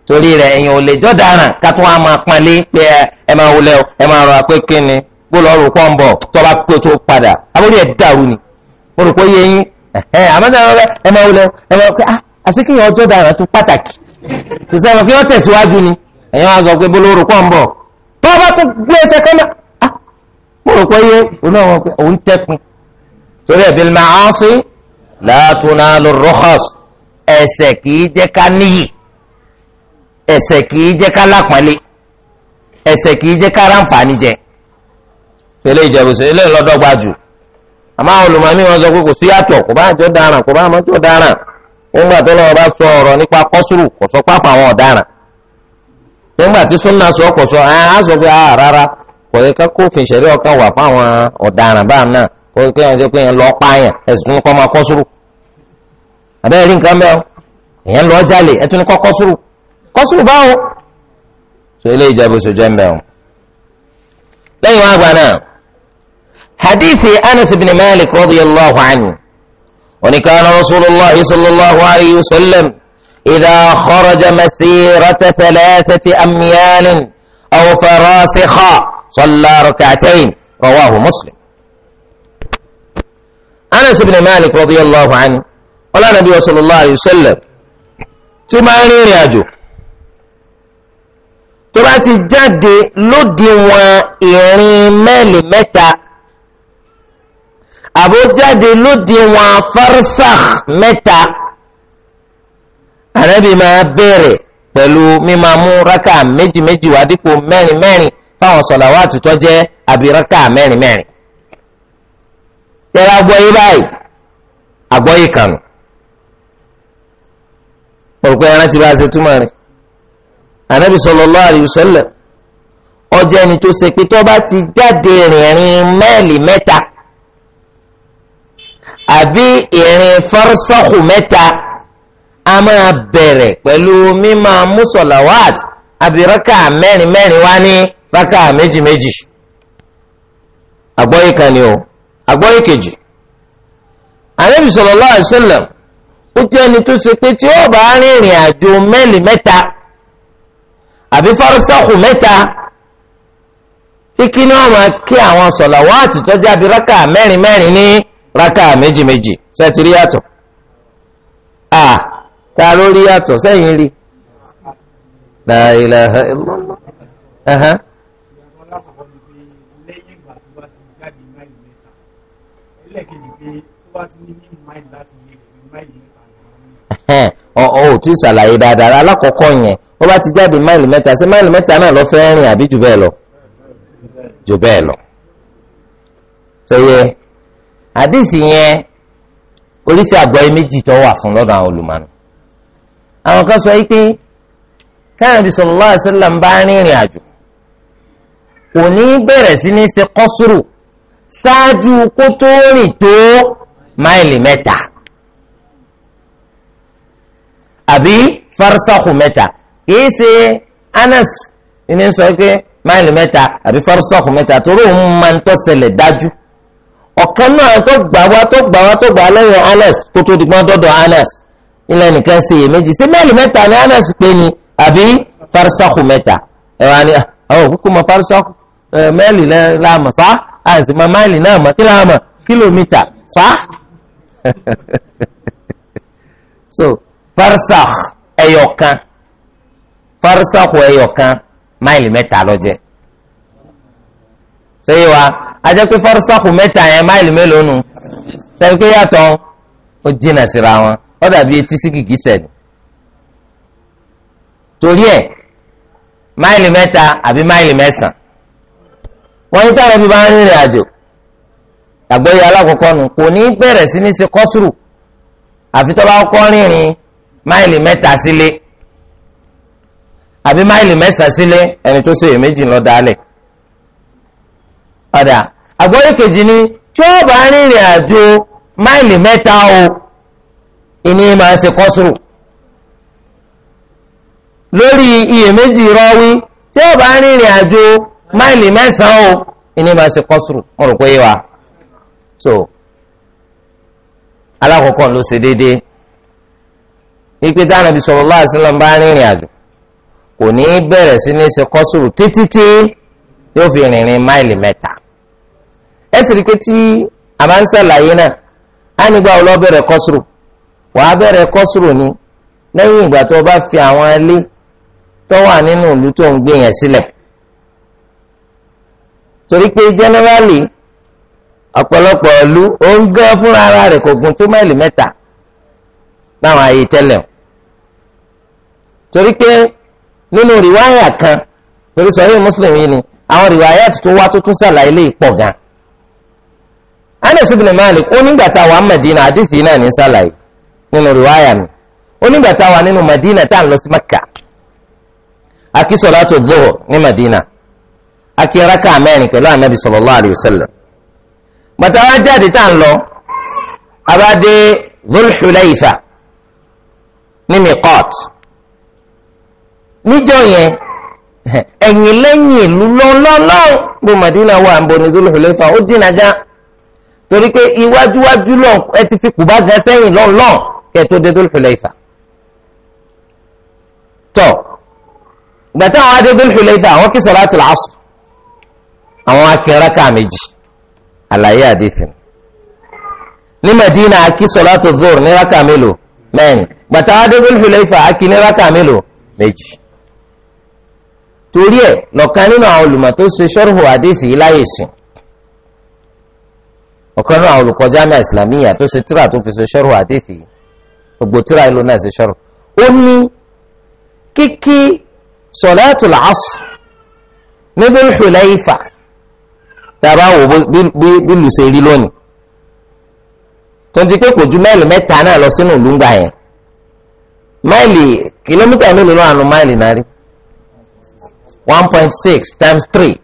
torí rẹ̀ èèyàn ò lè jọ́ daràn ká tún wá máa pọ́nlé pé ẹ máa wọlé o ẹ máa rọra pé kí ni bó lọ rò pọ́n bọ̀ tó bá kó tó padà abórí ẹ̀ dàrú ni mo rò pé yé yín àmọ́tàrán rẹ̀ ẹ máa wọlé o ẹ máa pé ah, àsìkíyàn ọjọ́ daràn tún pàtàkì ṣùgbọ́n ẹ máa fi wọ́n tẹ̀síwájú ni èèyàn á sọ pé bó lọ rò pọ́n bọ̀ tó tún gbé ẹsẹ̀ kan náà ah, mo rò òun náà torí ẹ̀ bil látúná ló rọ́kọ̀s ẹsẹ̀ kìí jẹ́ ká níyì ẹsẹ̀ kìí jẹ́ ká lápọ́nlé ẹsẹ̀ kìí jẹ́ ká ráǹfààní jẹ. ilé ìlọ́dọ́gba jù àmọ́ olùmọ̀mí wọn sọ pé kò sí yàtọ̀ kò bá jọ dáràn kò bá jọ dáràn sọ ọ̀rọ̀ nípa kọ́sùrù kò sọ pápá àwọn ọ̀daràn nígbà tí súnà sọ kò sọ á ah, sọ pé ah, rárá kò yẹ ká kófin wà fáwọn ọ̀daràn kó o kéèyàn jẹ́ pé èèyàn lọ pààyàn ẹ̀sùn tó ní kọ́ máa kọ́ sùúrù àbẹ́rẹ́ rí nǹkan mẹ́rin èèyàn lọ jalè ẹ̀ tó ní kọ́ kọ́ sùúrù kọ́ sùúrù báwo so ilé ìjọba oṣù jẹ́ mẹ́rin. lẹ́yìn wá gba náà hadithi anas ibn malik radiyallahu anhu oníkanna rasulillah sallallahu alayhi wa sallam idà kharaja masirata thalathati amyalin aw farasixa sallá rak'atayn rawahu muslim anas ibn malik radiyallahu anhu ọlọ́nàbí wa sallallahu alayhi wa sallam tí máa ń rìnrìn àjò tó bá ti jáde lódiwọ̀n ìrìn mẹ́lì mẹ́ta àbó jáde lódiwọ̀n farsakh mẹ́ta ànábì máa bẹ̀rẹ̀ pẹ̀lú mímamú rákà méjì méjì wá dípò mẹ́rin mẹ́rin fáwọn sọ̀làwátì tó jẹ́ àbí rákà mẹ́rin mẹ́rin. yẹra agbọ́yé báyìí agbọ́yé kànú òrùkọ ẹran ti bá a ṣe túmọ̀ rẹ̀ ànábì sallallahu alaihi wasallam ọjọ́ ẹni tó ṣe pé tó bá ti jáde rìnrìn mẹ́ẹ̀lì mẹ́ta àbí ìrìn fọ́rọ́sọ́kù mẹ́ta a máa bẹ̀rẹ̀ pẹ̀lú mímọ mùsọ̀làwàt àbí mẹ́rin mẹ́rin wá ní rákà méjì kan àgbọ́yé kejì ànábì sallallahu alaihi wasallam ó jẹ́ ẹni tó ṣe pé tí ó bá rìnrìn àjò mẹ́lì mẹ́ta àbí fárúsáàkù mẹ́ta kíkí ni wọ́n máa kí àwọn sọ̀làwátì tó jẹ́ àbí rákà mẹ́rin mẹ́rin ní rákà méjì méjì sẹ́ẹ̀tì rí yàtọ̀ à ta ló rí yàtọ̀ sẹ́yìn rí la ilaha lẹ́ẹ̀kejì pé ó wá ti ní ní máìlì láti yé ẹ̀mí máìlì mẹ́ta. ọ̀ ò tí ì ṣàlàyé dáadáa alákọ̀ọ́kọ́ yẹn ó bá ti jáde máìlì mẹ́ta ṣé máìlì mẹ́ta náà lọ fẹ́ rìn àbí jù bẹ́ẹ̀ lọ jù bẹ́ẹ̀ lọ. sẹ́yẹ àdìsí yẹn oríṣi àgbọ́yé méjì tó wà fún lọ́dọ̀ àwọn olùmọ̀nù àwọn kan sọ yìí pé káyọ̀dé sallallahu alaihi wasallam ń bá rìnrìn àjò kò ní bẹ̀rẹ̀ sí ní ṣe kọ́sùrù ṣáájú kó tó rìn tó máìlì mẹ́ta àbí farisahu mẹ́ta kìí ṣe anas ní sọ pé máìlì mẹ́ta àbí farisahu mẹ́ta torí òun máa ń tó ṣẹlẹ̀ dájú ọ̀kan náà tó gbà wá tó gbà wá tó gbà lẹ́yìn anas kó tó di gbọ́n dọ́dọ̀ anas ilẹ̀ nìkan ṣe yè méjì ṣé máìlì mẹ́ta ni anas pé ni àbí farisahu mẹ́ta ẹ̀ wá ní ah, àwọn òkúkú mọ farisahu mẹ́lì lẹ́ẹ̀ láàmú fa àìsí máa máìlì náà mọ̀ kí láwọn mọ̀ kìlómítà fa [LAUGHS] so farsakh ẹyọkan farsakh ẹyọkan máìlì mẹ́ta ló jẹ́ sẹ́yìn wa ajẹ́ pé farsakh mẹ́ta yẹn máìlì mélòó nu sẹ́yìn pé yàtọ̀ ó jìnnà síra wọn ó dàbí etí sí gìgísẹ̀ ni torí ẹ̀ máìlì mẹ́ta àbí máìlì mẹ́sàn-án. wọ́n yí táwọn ẹbí bá ń rìnrìn àjò àgbẹ̀yẹ alákọ̀ọ́kọ́ nù kò ní bẹ̀rẹ̀ sí ní ṣe kọ́sùrù àfi tó bá kọ́ rìnrìn máìlì mẹ́ta sílé àbí máìlì mẹ́sàn sílé ẹni tó ṣe èméjì lọ dálẹ̀ ọ̀dà kejì tí bá rìnrìn àjò máìlì mẹ́ta o ìní máa ń ṣe kọ́sùrù lórí iyèméjì máìlì mẹ́sàn-án o ìní máa ṣe kọ́sùrù mo rò pé yé so alákọ̀ọ́kọ́ ló ṣe déédéé ìpè tí Ànábì sallallahu alaihi wasallam bá rìnrìn àjò kò ní bẹ̀rẹ̀ sí ní ṣe kọ́sùrù títí tí yóò fi rìnrìn máìlì mẹ́ta ẹ sì rí pé tí a máa ń ṣàlàyé náà á nígbà wo lọ bẹ̀rẹ̀ kọ́sùrù wàá bẹ̀rẹ̀ kọ́sùrù ni lẹ́yìn ìgbà tó o bá fi àwọn ilé tó wà nínú ìlú tó ń gbé sílẹ̀ torí pé jẹ́nẹ́rálì ọpọlọpọ ìlú òun gán fúnra ara rẹ̀ kò gùn tó máìlì mẹ́ta láwọn ààyè tẹ́lẹ̀ o torí pé nínú rìwáyà kan torí sọ yìí ni àwọn rìwáyà tuntun wá tuntun sàlàyé lè pọ̀ gan. Malik ó nígbà tá a wà Madina àdìsí náà ní sàlàyé nínú rìwáyà mi ó nígbà tá a wà nínú Madina tá a lọ sí Mẹ́kà akísọ̀lá tó dùn ní akí raka mẹ́rin pẹ̀lú anabi sallallahu alayhi wa sallam bàtà wá jáde tá à ń lọ abáde zulhulayfa ní miqat níjọ́ yẹn [LAUGHS] ẹ̀yìn lẹ́yìn ìlú lọ́lọ́lọ́ bó madina wà ń bọ̀ ní zulhulayfa ó dínà já torí pé iwájúwájú lọ ẹ ti fi kùbá gan sẹ́yìn lọ́lọ́ kẹ́ẹ̀tó dé zulhulayfa tọ́ gbàtà àwọn adé zulhulayfa àwọn kí salatul asr àwọn akínraka méjì àlàyé àdìsìn ní Madina akí sọlátù zuhur ní raka mélòó mẹ́rin gbàtà adébúlù Hulaifa akí ní raka mélòó méjì torí ẹ̀ lọ́kàn nínú àwọn olùmọ̀ tó ṣe sọrùhù àdìsìn yìí láyè sìn ọ̀kan náà olùkọ́ jami'a islamiyya tó ṣe tíra tó fi ṣe ṣọ́rù àdéfì gbogbo tíra ìlú náà ṣe ṣọ́rù ó ní kíkí sọ̀lẹ́tù làásù níbi Hulayfa tàbá wò bí lù ṣe rí lónìí tonti pé kò ju máìlì mẹ́ta náà lọ sínú ìlú ńgbà yẹn máìlì kìlómítà mélòó náà nu máìlì náà rí one point six times three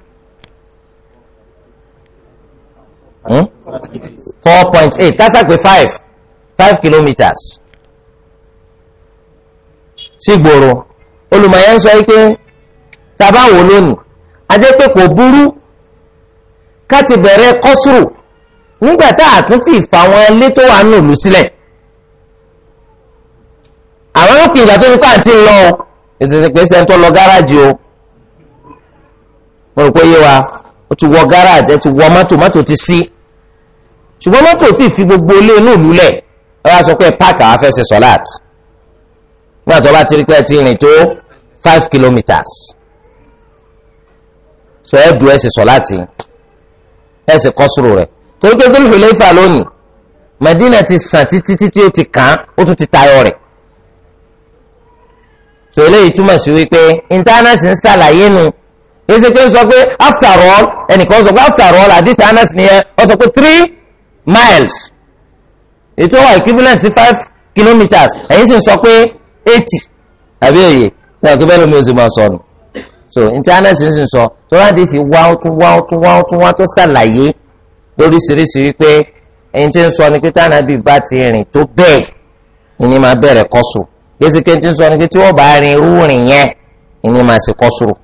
hmm? four point eight kásàpé five five kilometres sí gbòòrò olùmọ̀yẹ́ ń sọ pé tàbá wò lónìí a pé kò burú ká ti bẹ̀rẹ̀ kọ́sùrù nígbà àtúntì fàwọn ilé tó wà nù lù sílẹ̀ àwọn lópin ìgbà tó ní pàǹtí ń lọ ìsèpèsè ń tọ́ lọ gáràjì o mo rò pé yé wa ó ti wọ gáràjì ẹ ti wọ mọ́tò mọ́tò ti sí ṣùgbọ́n mọ́tò ti fi gbogbo ilé inú ìlú lẹ̀ ẹ wá sọ pé páàkì àwọn afẹ́sẹ̀ sọ́láàt nígbà tó bá ti rí pé ẹ ti rìn tó five kilometres sọ ẹ dùn ẹ sì sọ́láàtì yìí ẹ sì kọ́sùrù rẹ̀ torí pé Dhul Hulayfa lónìí Madina ti sàn títí títí ó ti kàn án ó tún ti tayọ rẹ̀ tó eléyìí túmọ̀ sí wípé intanẹ́tì ń ṣàlàyé nu yéésì pé ń sọ pé after all ẹnìkan sọ pé after all àdìsí Anas nìyẹn ó sọ pé three miles ètò wà equivalent sí five kilometres ẹ̀yin sì ń sọ pé eighty àbí òye náà kí bẹ́ẹ̀ máa sọnù so intanẹti ń sọ tó láti fi wá ó tún wá ó tún wá ó tún wá tó ṣàlàyé lóríṣiríṣi wípé ẹni tí ń sọ ni pé tánàbí bá ti rìn tó bẹ́ẹ̀ ìní máa bẹ̀rẹ̀ kọ́sùrù yéṣike tí ń sọ ni pé tí wọ́n bá rin irú rìn yẹn ìní máa ṣe kọ́sùrù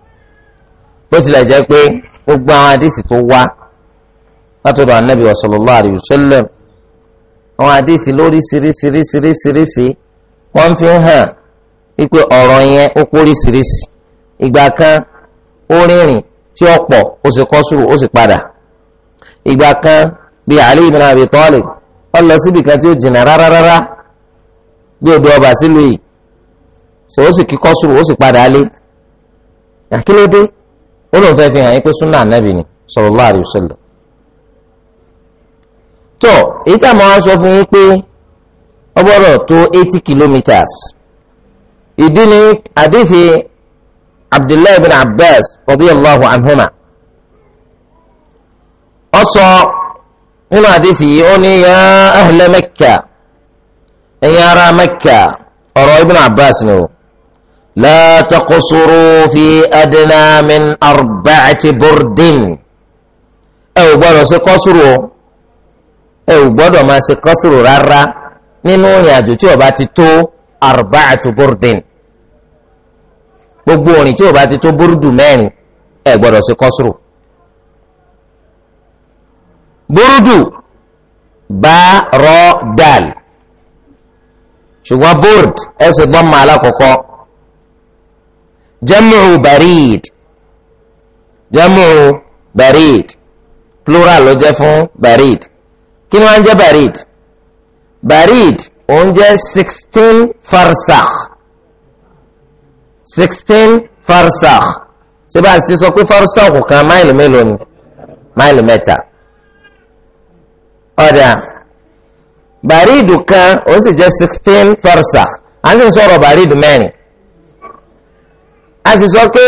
bó tilẹ̀ jẹ́ pé gbogbo àwọn àdìsí tó wá látọ̀dọ̀ anábì sallallahu alaihi wasallam àwọn àdìsí lóríṣiríṣiríṣiríṣiríṣi wọ́n fi hàn wípé ọ̀rọ̀ yẹn ó kórìṣiríṣi ìgbà kan ó rìnrìn tí ó pọ̀ ó sì kọ́ sùúrù ó sì padà kan bíi Abi Talib ó lọ síbi kan tí ó jìnnà bí odò ọba sílùú yìí sọ ó sì kíkọ́ sùúrù ó sì padà lé àkílédé ó lóun fẹ́ fi hàn yín pé súnà ànábì ni sallallahu alaihi tó èyí tá a máa sọ fún yín pé ó eighty kilometres ìdí ni abdullahi bin abbas radiyallahu anhuma ó sọ nínú àdìsí yìí ó ní yá ahlẹ mẹkà ẹ̀yin ará mẹkà ọ̀rọ̀ ibn abbas ni o la taqsuru fi adna min arba'ati burdin ẹ ò gbọ́dọ̀ ṣe kọsùrù o ẹ ò gbọ́dọ̀ máa ṣe kọsùrù rárá nínú ìrìn àjò tí ó bá ti tó arba'ati burdin gbogbo orin tí o bá ti tó búrúdù mẹ́rin ẹ gbọ́dọ̀ ṣe kọ́sùrù búrúdù bá rọ dàl ṣùgbọ́n búrúd ẹ sì gbọ́n máa lákòókò jẹ́mùú bàríd jẹ́mùú bàríd plural ló jẹ́ fún bàríd kí ni wọ́n ń jẹ́ bàríd bàríd òun jẹ́ sixteen farsakh sixteen farsakh síbà sí sọ pé farsakh kan máìlì mélòó ni máìlì mẹ́ta ọ̀dà bàrídù kan ó sì jẹ́ sixteen farsakh à ń sì sọ̀rọ̀ bàrídù mẹ́rin a sì sọ pé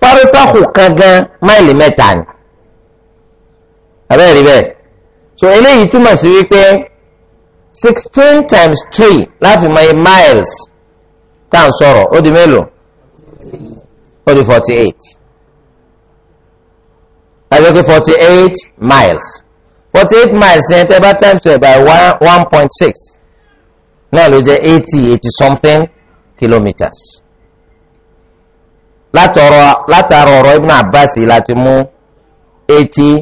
farsakh kan gan máìlì mẹ́ta ni abẹ́rẹ́ bẹ́ẹ̀ so eléyìí túmọ̀ sí wípé sixteen times three láfi mọ miles. tá soro ń ó di mélòó ó di forty eight miles forty miles yẹn bá times by one point six náà ló jẹ́ eighty eighty something kilometres látara ọ̀rọ̀ Ibn Abbas láti mú eighty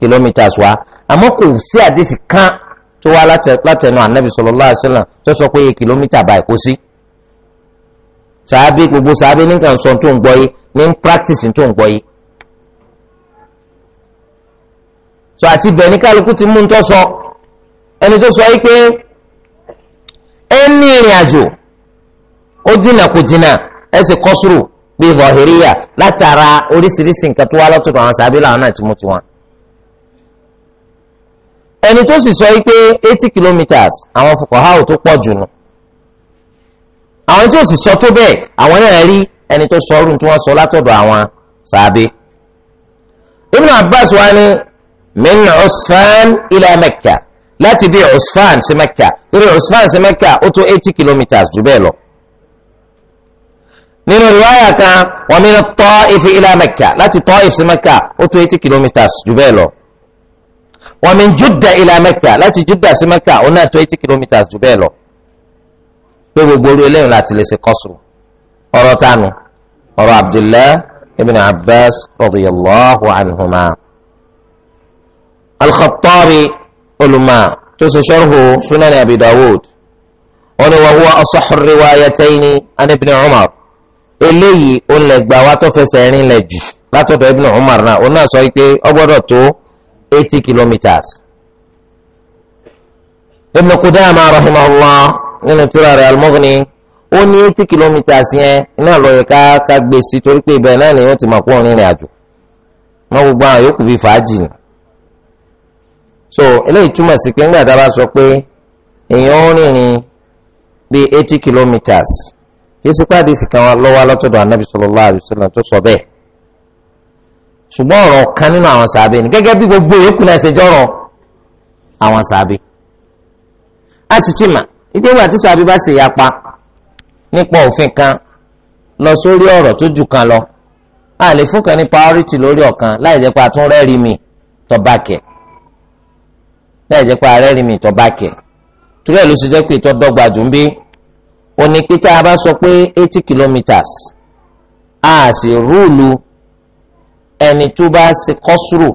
kilometres wá àmọ́ kò sí àdìsí kan tó wá látẹnu tó sọ pé kìlómítà báyìí kò sàábé gbogbo sàábé nìkan sọ tó ń gbọ́ yìí ní practice tó ń gbọ́ yìí. so àti bẹ̀ ní kálukú ti mú un tó sọ ẹni tó sọ yìí pé ẹ ní ìrìn àjò ó jìnnà kò jìnnà ẹ sì kọ́ bí zọ̀hìríyà látara oríṣiríṣi nǹkan tó wá lọ́tọ̀dọ̀ àwọn sàbí làwọn náà ti mú tiwọn. ẹni tó sì sọ wípé eighty kilometres àwọn fuqaha tó pọ̀ jù nù àwọn tí ò sì sọ tó bẹ́ẹ̀ àwọn náà rí ẹni tó sọ ọdún tí wọ́n sọ látọ̀dọ̀ àwọn sàbẹ. Ibn Abbas wa ni min Usfan ila Mẹ́kà láti bí Usfan sí Mẹ́kà torí Usfan sí Mẹ́kà ó tó eighty kilometres jù bẹ́ẹ̀ lọ. nínú riwaya kan wa min Taif ila Mẹ́kà láti Taif sí Mẹ́kà ó tó eighty kilometres jù bẹ́ẹ̀ lọ. wa min Judda ila Mẹ́kà láti Judda sí Mẹ́kà ó náà tó eighty kilometres jù bẹ́ẹ̀ lọ pé gbogbo orí eléyìí láti lè ṣe kọ́sùrù ọ̀rọ̀ tánu ọ̀rọ̀ Abdullahi ibn Abbas radiyallahu anhuma. Al-Khattabi olùmọ̀ tó ṣe sharhu Sunan Abi Dawud wọn ni wa huwa asahhu riwayatayni an ibn Umar eléyìí ó lè gbà wá tó fẹsẹ̀ rìn lẹ̀ jù látọ̀dọ̀ ibn Umar náà ó náà sọ pé ó gbọ́dọ̀ tó eighty kilometres. Ibn Qudama rahimahullah nínú tíra rẹ̀ al-Mughni ó ní tí kìlómítà sí yẹn iná lọ yẹ ká ká gbé sí torí pé ibẹ̀ náà nìyẹn ti mọ̀ kó rìnrìn àjò wọn gbogbo àwọn yòókù fi fàájì ni. so eléyìí túmọ̀ sí pé ńgbà tá a bá sọ pé èèyàn ó rìnrìn bíi eighty kilometres kì sì pàdé lọ́wọ́ lọ́tọ̀dọ̀ anábì sallallahu alaihi wasallam tó sọ bẹ́ẹ̀ ṣùgbọ́n ọ̀rọ̀ kan nínú àwọn sàbẹ̀ ni gẹ́gẹ́ bí gbogbo yòókù náà ṣe jọ́rọ̀ àwọn sàbẹ̀ a sì ti ìgbé ìgbà tí sàbí bá ṣe yapa nípa òfin kan lọ sórí ọ̀rọ̀ tó jù kan lọ a lè fún kan ní priority lórí ọ̀kan láì jẹ́ pé a tún rẹ́rìí mi tó bá kẹ̀ láì jẹ́ pé a rẹ́rìí mi tó bá kẹ̀ torí ẹ̀ ló ṣe jẹ́ pé ìtọ́ dọ́gba jù ń bí òní pété a bá sọ pé eighty kilometres a sì rúùlù ẹni tó bá ṣe kọ́sùrù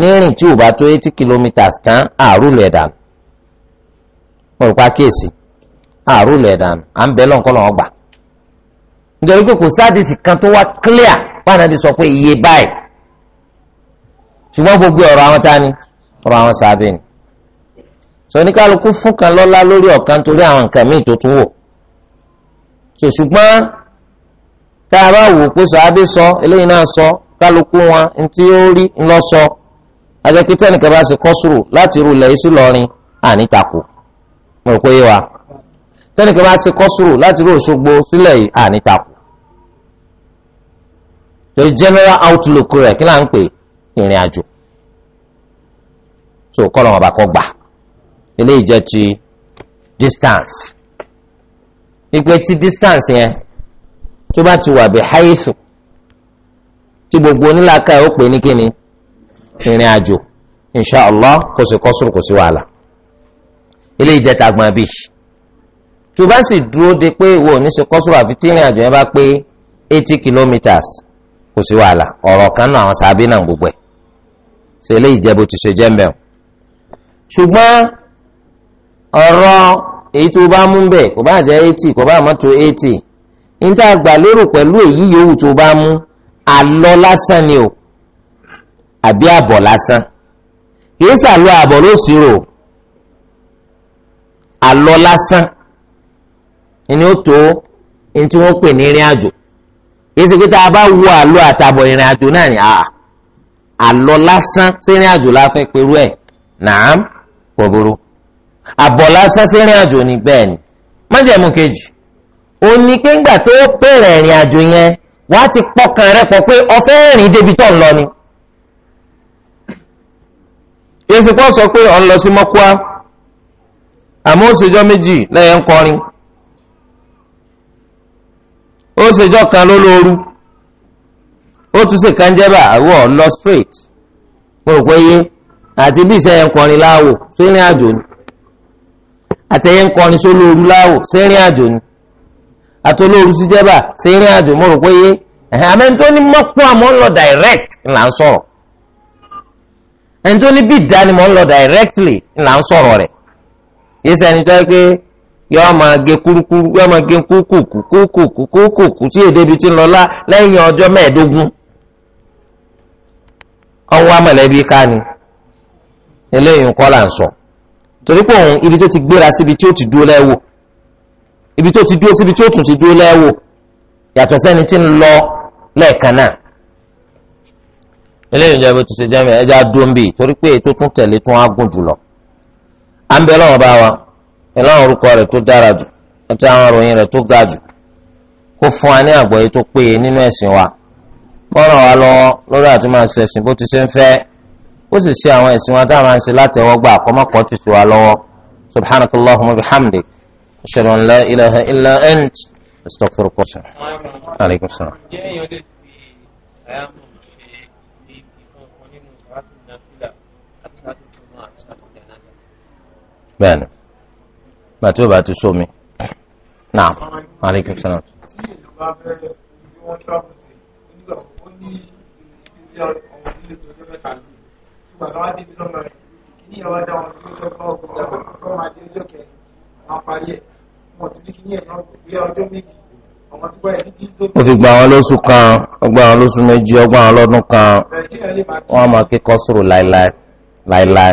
ní rìn tí ò bá tó eighty kilometres tán àrùlẹ̀ dànù òrùka kíyèsí àrùn lẹ̀ dànù à ń bẹ lọ́nkọ́ lọ́wọ́ gbà nítorí pé kò sáàdìsì kan tó wá clear báyìí ti sọ pé iye báyìí ṣùgbọ́n gbogbo ọ̀rọ̀ àwọn ta ni ọ̀rọ̀ àwọn sábẹ́ ni sọ ní kálukú fún kan lọ́lá lórí ọ̀kan torí àwọn nǹkan míì tó tún wò ṣe ṣùgbọ́n tá a bá wò pé sọ abẹ́ sọ eléyìí náà sọ kálukú wọn ní tí ó rí ńlọ sọ ajẹ́pítẹ́nìkan bá ṣe kọ́ sùrù láti rú ilẹ̀ yìí sí lọ́rin ànítakò mo rò pé yé wa tẹ́nìkan bá ṣe kọ́sùrù láti rí Òṣogbo sílẹ̀ yìí à ní takò the general outlook rẹ̀ kí là ń pè ìrìn àjò so kọ́ lọ́wọ́ bá kọ́ gbà eléyìí jẹ́ ti distance ìpè tí distance yẹn tó bá ti wà bí haifu tí gbogbo onílàkà ẹ̀ ó pè ní kíni ìrìn àjò insha Allah kò sí kọ́sùrù kò sí wàhálà eléyìí jẹ́ tagbọn bíi tó bá sì dúró de pé ìwọ ò ní ṣe kọ́sùrù àfi tí ìrìn àjò yẹn bá pé eighty kilometres kò sí wàhálà ọ̀rọ̀ kan náà àwọn sàbí náà gbogbo ẹ̀ ṣe eléyìí jẹ́ bó ti ṣe jẹ́ mẹ́rin ṣùgbọ́n ọ̀rọ̀ èyí tó bá mú bẹ́ẹ̀ kò bá jẹ́ eighty kò bá mọ́ tó eighty níta gbà lérò pẹ̀lú èyí yòówù tó bá mú àlọ́ lásán ni o àbí àbọ̀ lásán kì í sàlọ́ àbọ̀ ló o àlọ lásán ni ó tó ní tí wọ́n pè ní ìrìn àjò a bá wo àlọ àtàbọ ìrìn àjò náà ni àlọ lásán sí ìrìn àjò la fẹ́ lásán sí ìrìn àjò ni bẹ́ẹ̀ ni májẹ̀mú kejì ó ní pé tó bẹ̀rẹ̀ ìrìn àjò yẹn ti pọkàn pé ni sọ pé ń lọ àmọ́ ó ṣèjọ́ méjì lẹ́yìn ń kọrin ó ṣèjọ́ kan ló lóoru ó tún ṣe kan jẹ́ bá àwọ̀ lọ straight mo rò pé yé àti bí ìṣẹ́yìn kọrin láwò sínú àjò ni àtẹ̀yìn kọrin sólóoru láwò sínú àjò ni àtolóoru sí jẹ́bà sínú àjò mo rò pé yé ehe tó ní mọ́pọ́ àmọ́ ń lọ direct là ń sọ̀rọ̀ ẹni tó ní bí ìdánimọ̀ ń lọ directly là ń sọ̀rọ̀ rẹ̀ yìí sẹ́ni tó yẹ pé yọọ máa gé kúrúkúrú yọọ máa gé kúkùkù kúkùkù kúkùkù tí èdè ibi ti ń lọ lá lẹ́yìn ọjọ́ mẹ́ẹ̀ẹ́dógún ọwọ́ amọ̀lẹ́bí ká ni eléyìí ń kọ́ là ń sọ torí pé òun ibi tó ti gbéra síbi tí ó ti dúró lẹ́wọ̀ ibi tó ti dúró síbi tí ó tún ti dúró lẹ́wọ̀ yàtọ̀ sẹ́ni tí ń lọ lẹ́ẹ̀kan náà eléyìí ń jẹ́ bó ti ṣe jẹ́ mi ẹja dúró torí pé ètò tún tẹ̀lé tún á gùn jùlọ. à ń bẹ lọ́wọ́ bá wa pẹ̀lú àwọn orúkọ rẹ̀ tó dára jù àti àwọn rẹ̀ tó ga jù kó fún wa ní tó péye nínú ẹ̀sìn wa mọ́ràn wa lọ́wọ́ lórí àti máa ṣe ẹ̀sìn bó ti ṣe ń fẹ́ ó sì ṣe àwọn ẹ̀sìn wa tá a máa ń ṣe gba àkọ́mọ́kọ́ ti wa lọ́wọ́ subhanakallahumma bẹ́ẹ̀ ni gbàtí ó bá ti sómi náà maaleykum fi gba àwọn lóṣù kan ọgbà àwọn lóṣù méjì ọgbà àwọn lọ́dún kan wọ́n á máa kí kọ́sùrù láéláé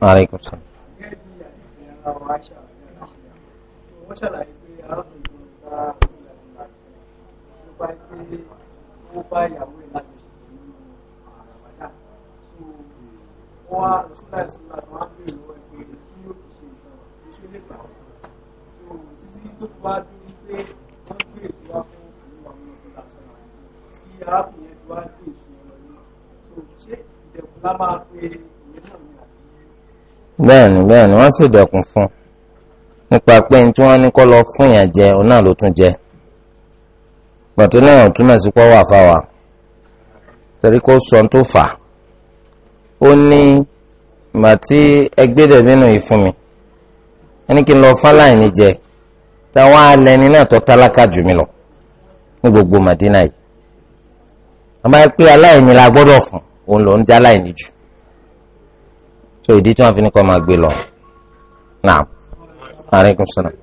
aleykum salaam. Thank you. bẹ́ẹ̀ni bẹ́ẹ̀ni wọ́n sì dẹkùn fún nípa pé ní tí wọ́n ní kó lọ fún yàn jẹ òun náà ló tún jẹ pàtó náà túmọ̀ sí pọ́ wà fáwa torí kó sọ tó fà ó ní ìgbà tí nínú ìfún mi ẹni kí n lọ fáláìní jẹ táwọn ni náà tó tálákà jù mí lọ ní gbogbo Madina yìí àbáyé pé aláìní la gbọ́dọ̀ fún òun lòún dé aláìní jù so ìdí tí wọ́n fi ní kọ́ máa gbé lọ naam aleykum salaam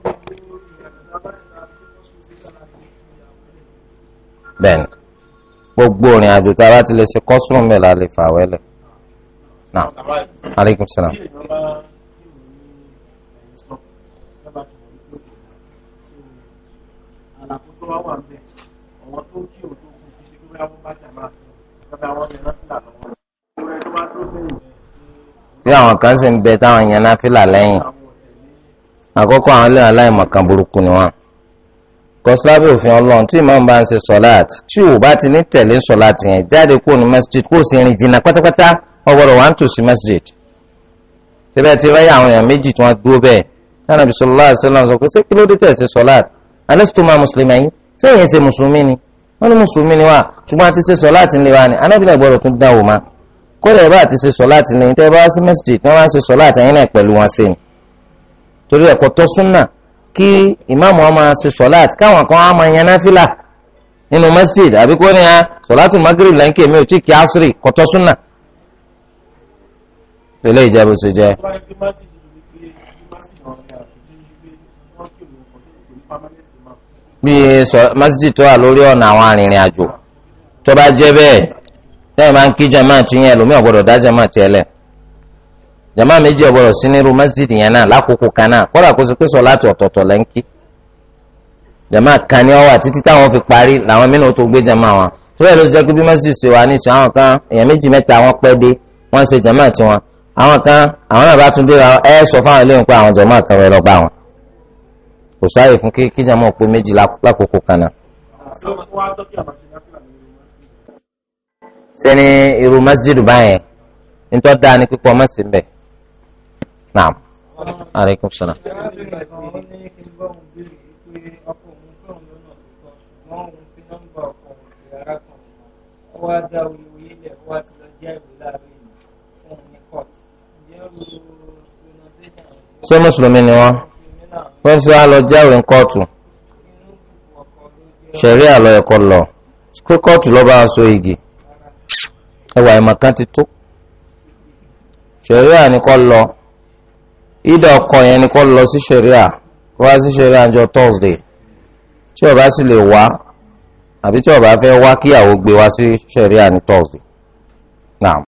bẹ́ẹ̀ni gbogbo òrìn àjò tí a bá ti lè ṣe kọ́sùrùn mi la lè fà wẹ́lẹ̀ naam aleykum salaam. àwọn tó kí òtún kù kí ṣe kí wọ́n bá jà máa ṣe kí wọ́n bá wọn sílà lọ́wọ́ bí àwọn kan sì ń bẹ táwọn yẹn náfìlà lẹ́yìn àkọ́kọ́ àwọn ilé aláìmọ̀kan burúkú ni wọn kọsílábì òfin ọlọ́run tí ìmọ̀ bá ń ṣe sọ̀láàt tí ò bá ti ní tẹ̀lé sọ̀láàt yẹn jáde kúrò ní masjid kó o sì rìn jìnnà pátápátá ọgbọ́dọ̀ wà ń tò sí masjid síbẹ̀ tí wáyà àwọn èèyàn méjì tí wọ́n dúró bẹ́ẹ̀ náà nàbì sọ̀lá àṣẹlá sọ pé ṣé kí ló dé tẹ̀ ṣe sọ̀láàt alẹ́sítọ́mà mùsùlùmí ẹ̀yìn ni ni wà ṣùgbọ́n àti ṣe kódà ẹ bá ti ṣe sọláàtì ní tẹ́ bá wá sí mẹsìtì tí wọ́n bá ń ṣe sọláàtì ẹ̀yin náà pẹ̀lú wọn sí ni torí ẹ̀kọ́ tó súnà kí ìmáàmù wọn máa ṣe káwọn kan á máa yan náfìlà nínú mẹsìtì àbí kó ní a sọláàtì magrib lẹ́ńkì mi ò tí kí asiri tó súnà. ilé masjid tó wà lórí ọ̀nà àwọn sẹ́yìn máa ń kí jama ti yẹn lómi ọ̀gbọ́dọ̀ dá jama ti ẹ lẹ̀ jama méjì ọ̀gbọ́dọ̀ sí nírú masjid yẹn náà lákòókò kan náà kọ́dà kó so pé sọ láti ọ̀tọ̀ọ̀tọ̀ lẹ́ ń kí jama kan ni ọ wà títí táwọn fi parí làwọn mìíràn tó gbé jama wọn tóyẹ ló jẹ́ pé bí masjid ṣe wà níṣẹ́ àwọn kan èèyàn méjì mẹ́ta àwọn pẹ́ dé wọ́n ṣe jama ti wọn àwọn kan àwọn náà bá tún dé ra ẹ sọ fáwọn ilé nípa àwọn sẹ́ni irú masjid báyẹn nítorí dáa ní pípọ̀ mọ́sí ń bẹ̀. naam aleykum salaam. ṣé mùsùlùmí ni wọ́n wọ́n fi wá jáwé ní kóòtù ṣẹ̀rí àlọ́ ẹ̀kọ́ lọ pé kóòtù lọ́ba aṣọ igi. ẹwà ìmọ̀ kan ti tó ṣẹ̀ríà ni kó lọ ìdá ọkọ yẹn ni kó lọ sí ṣẹ̀ríà wá sí ṣẹ̀ríà ọjọ́ Thursday tí ó bá sì lè wá àbí tí ó bá fẹ́ wá kíyàwó gbé wá sí ṣẹ̀ríà ní Thursday. Naam.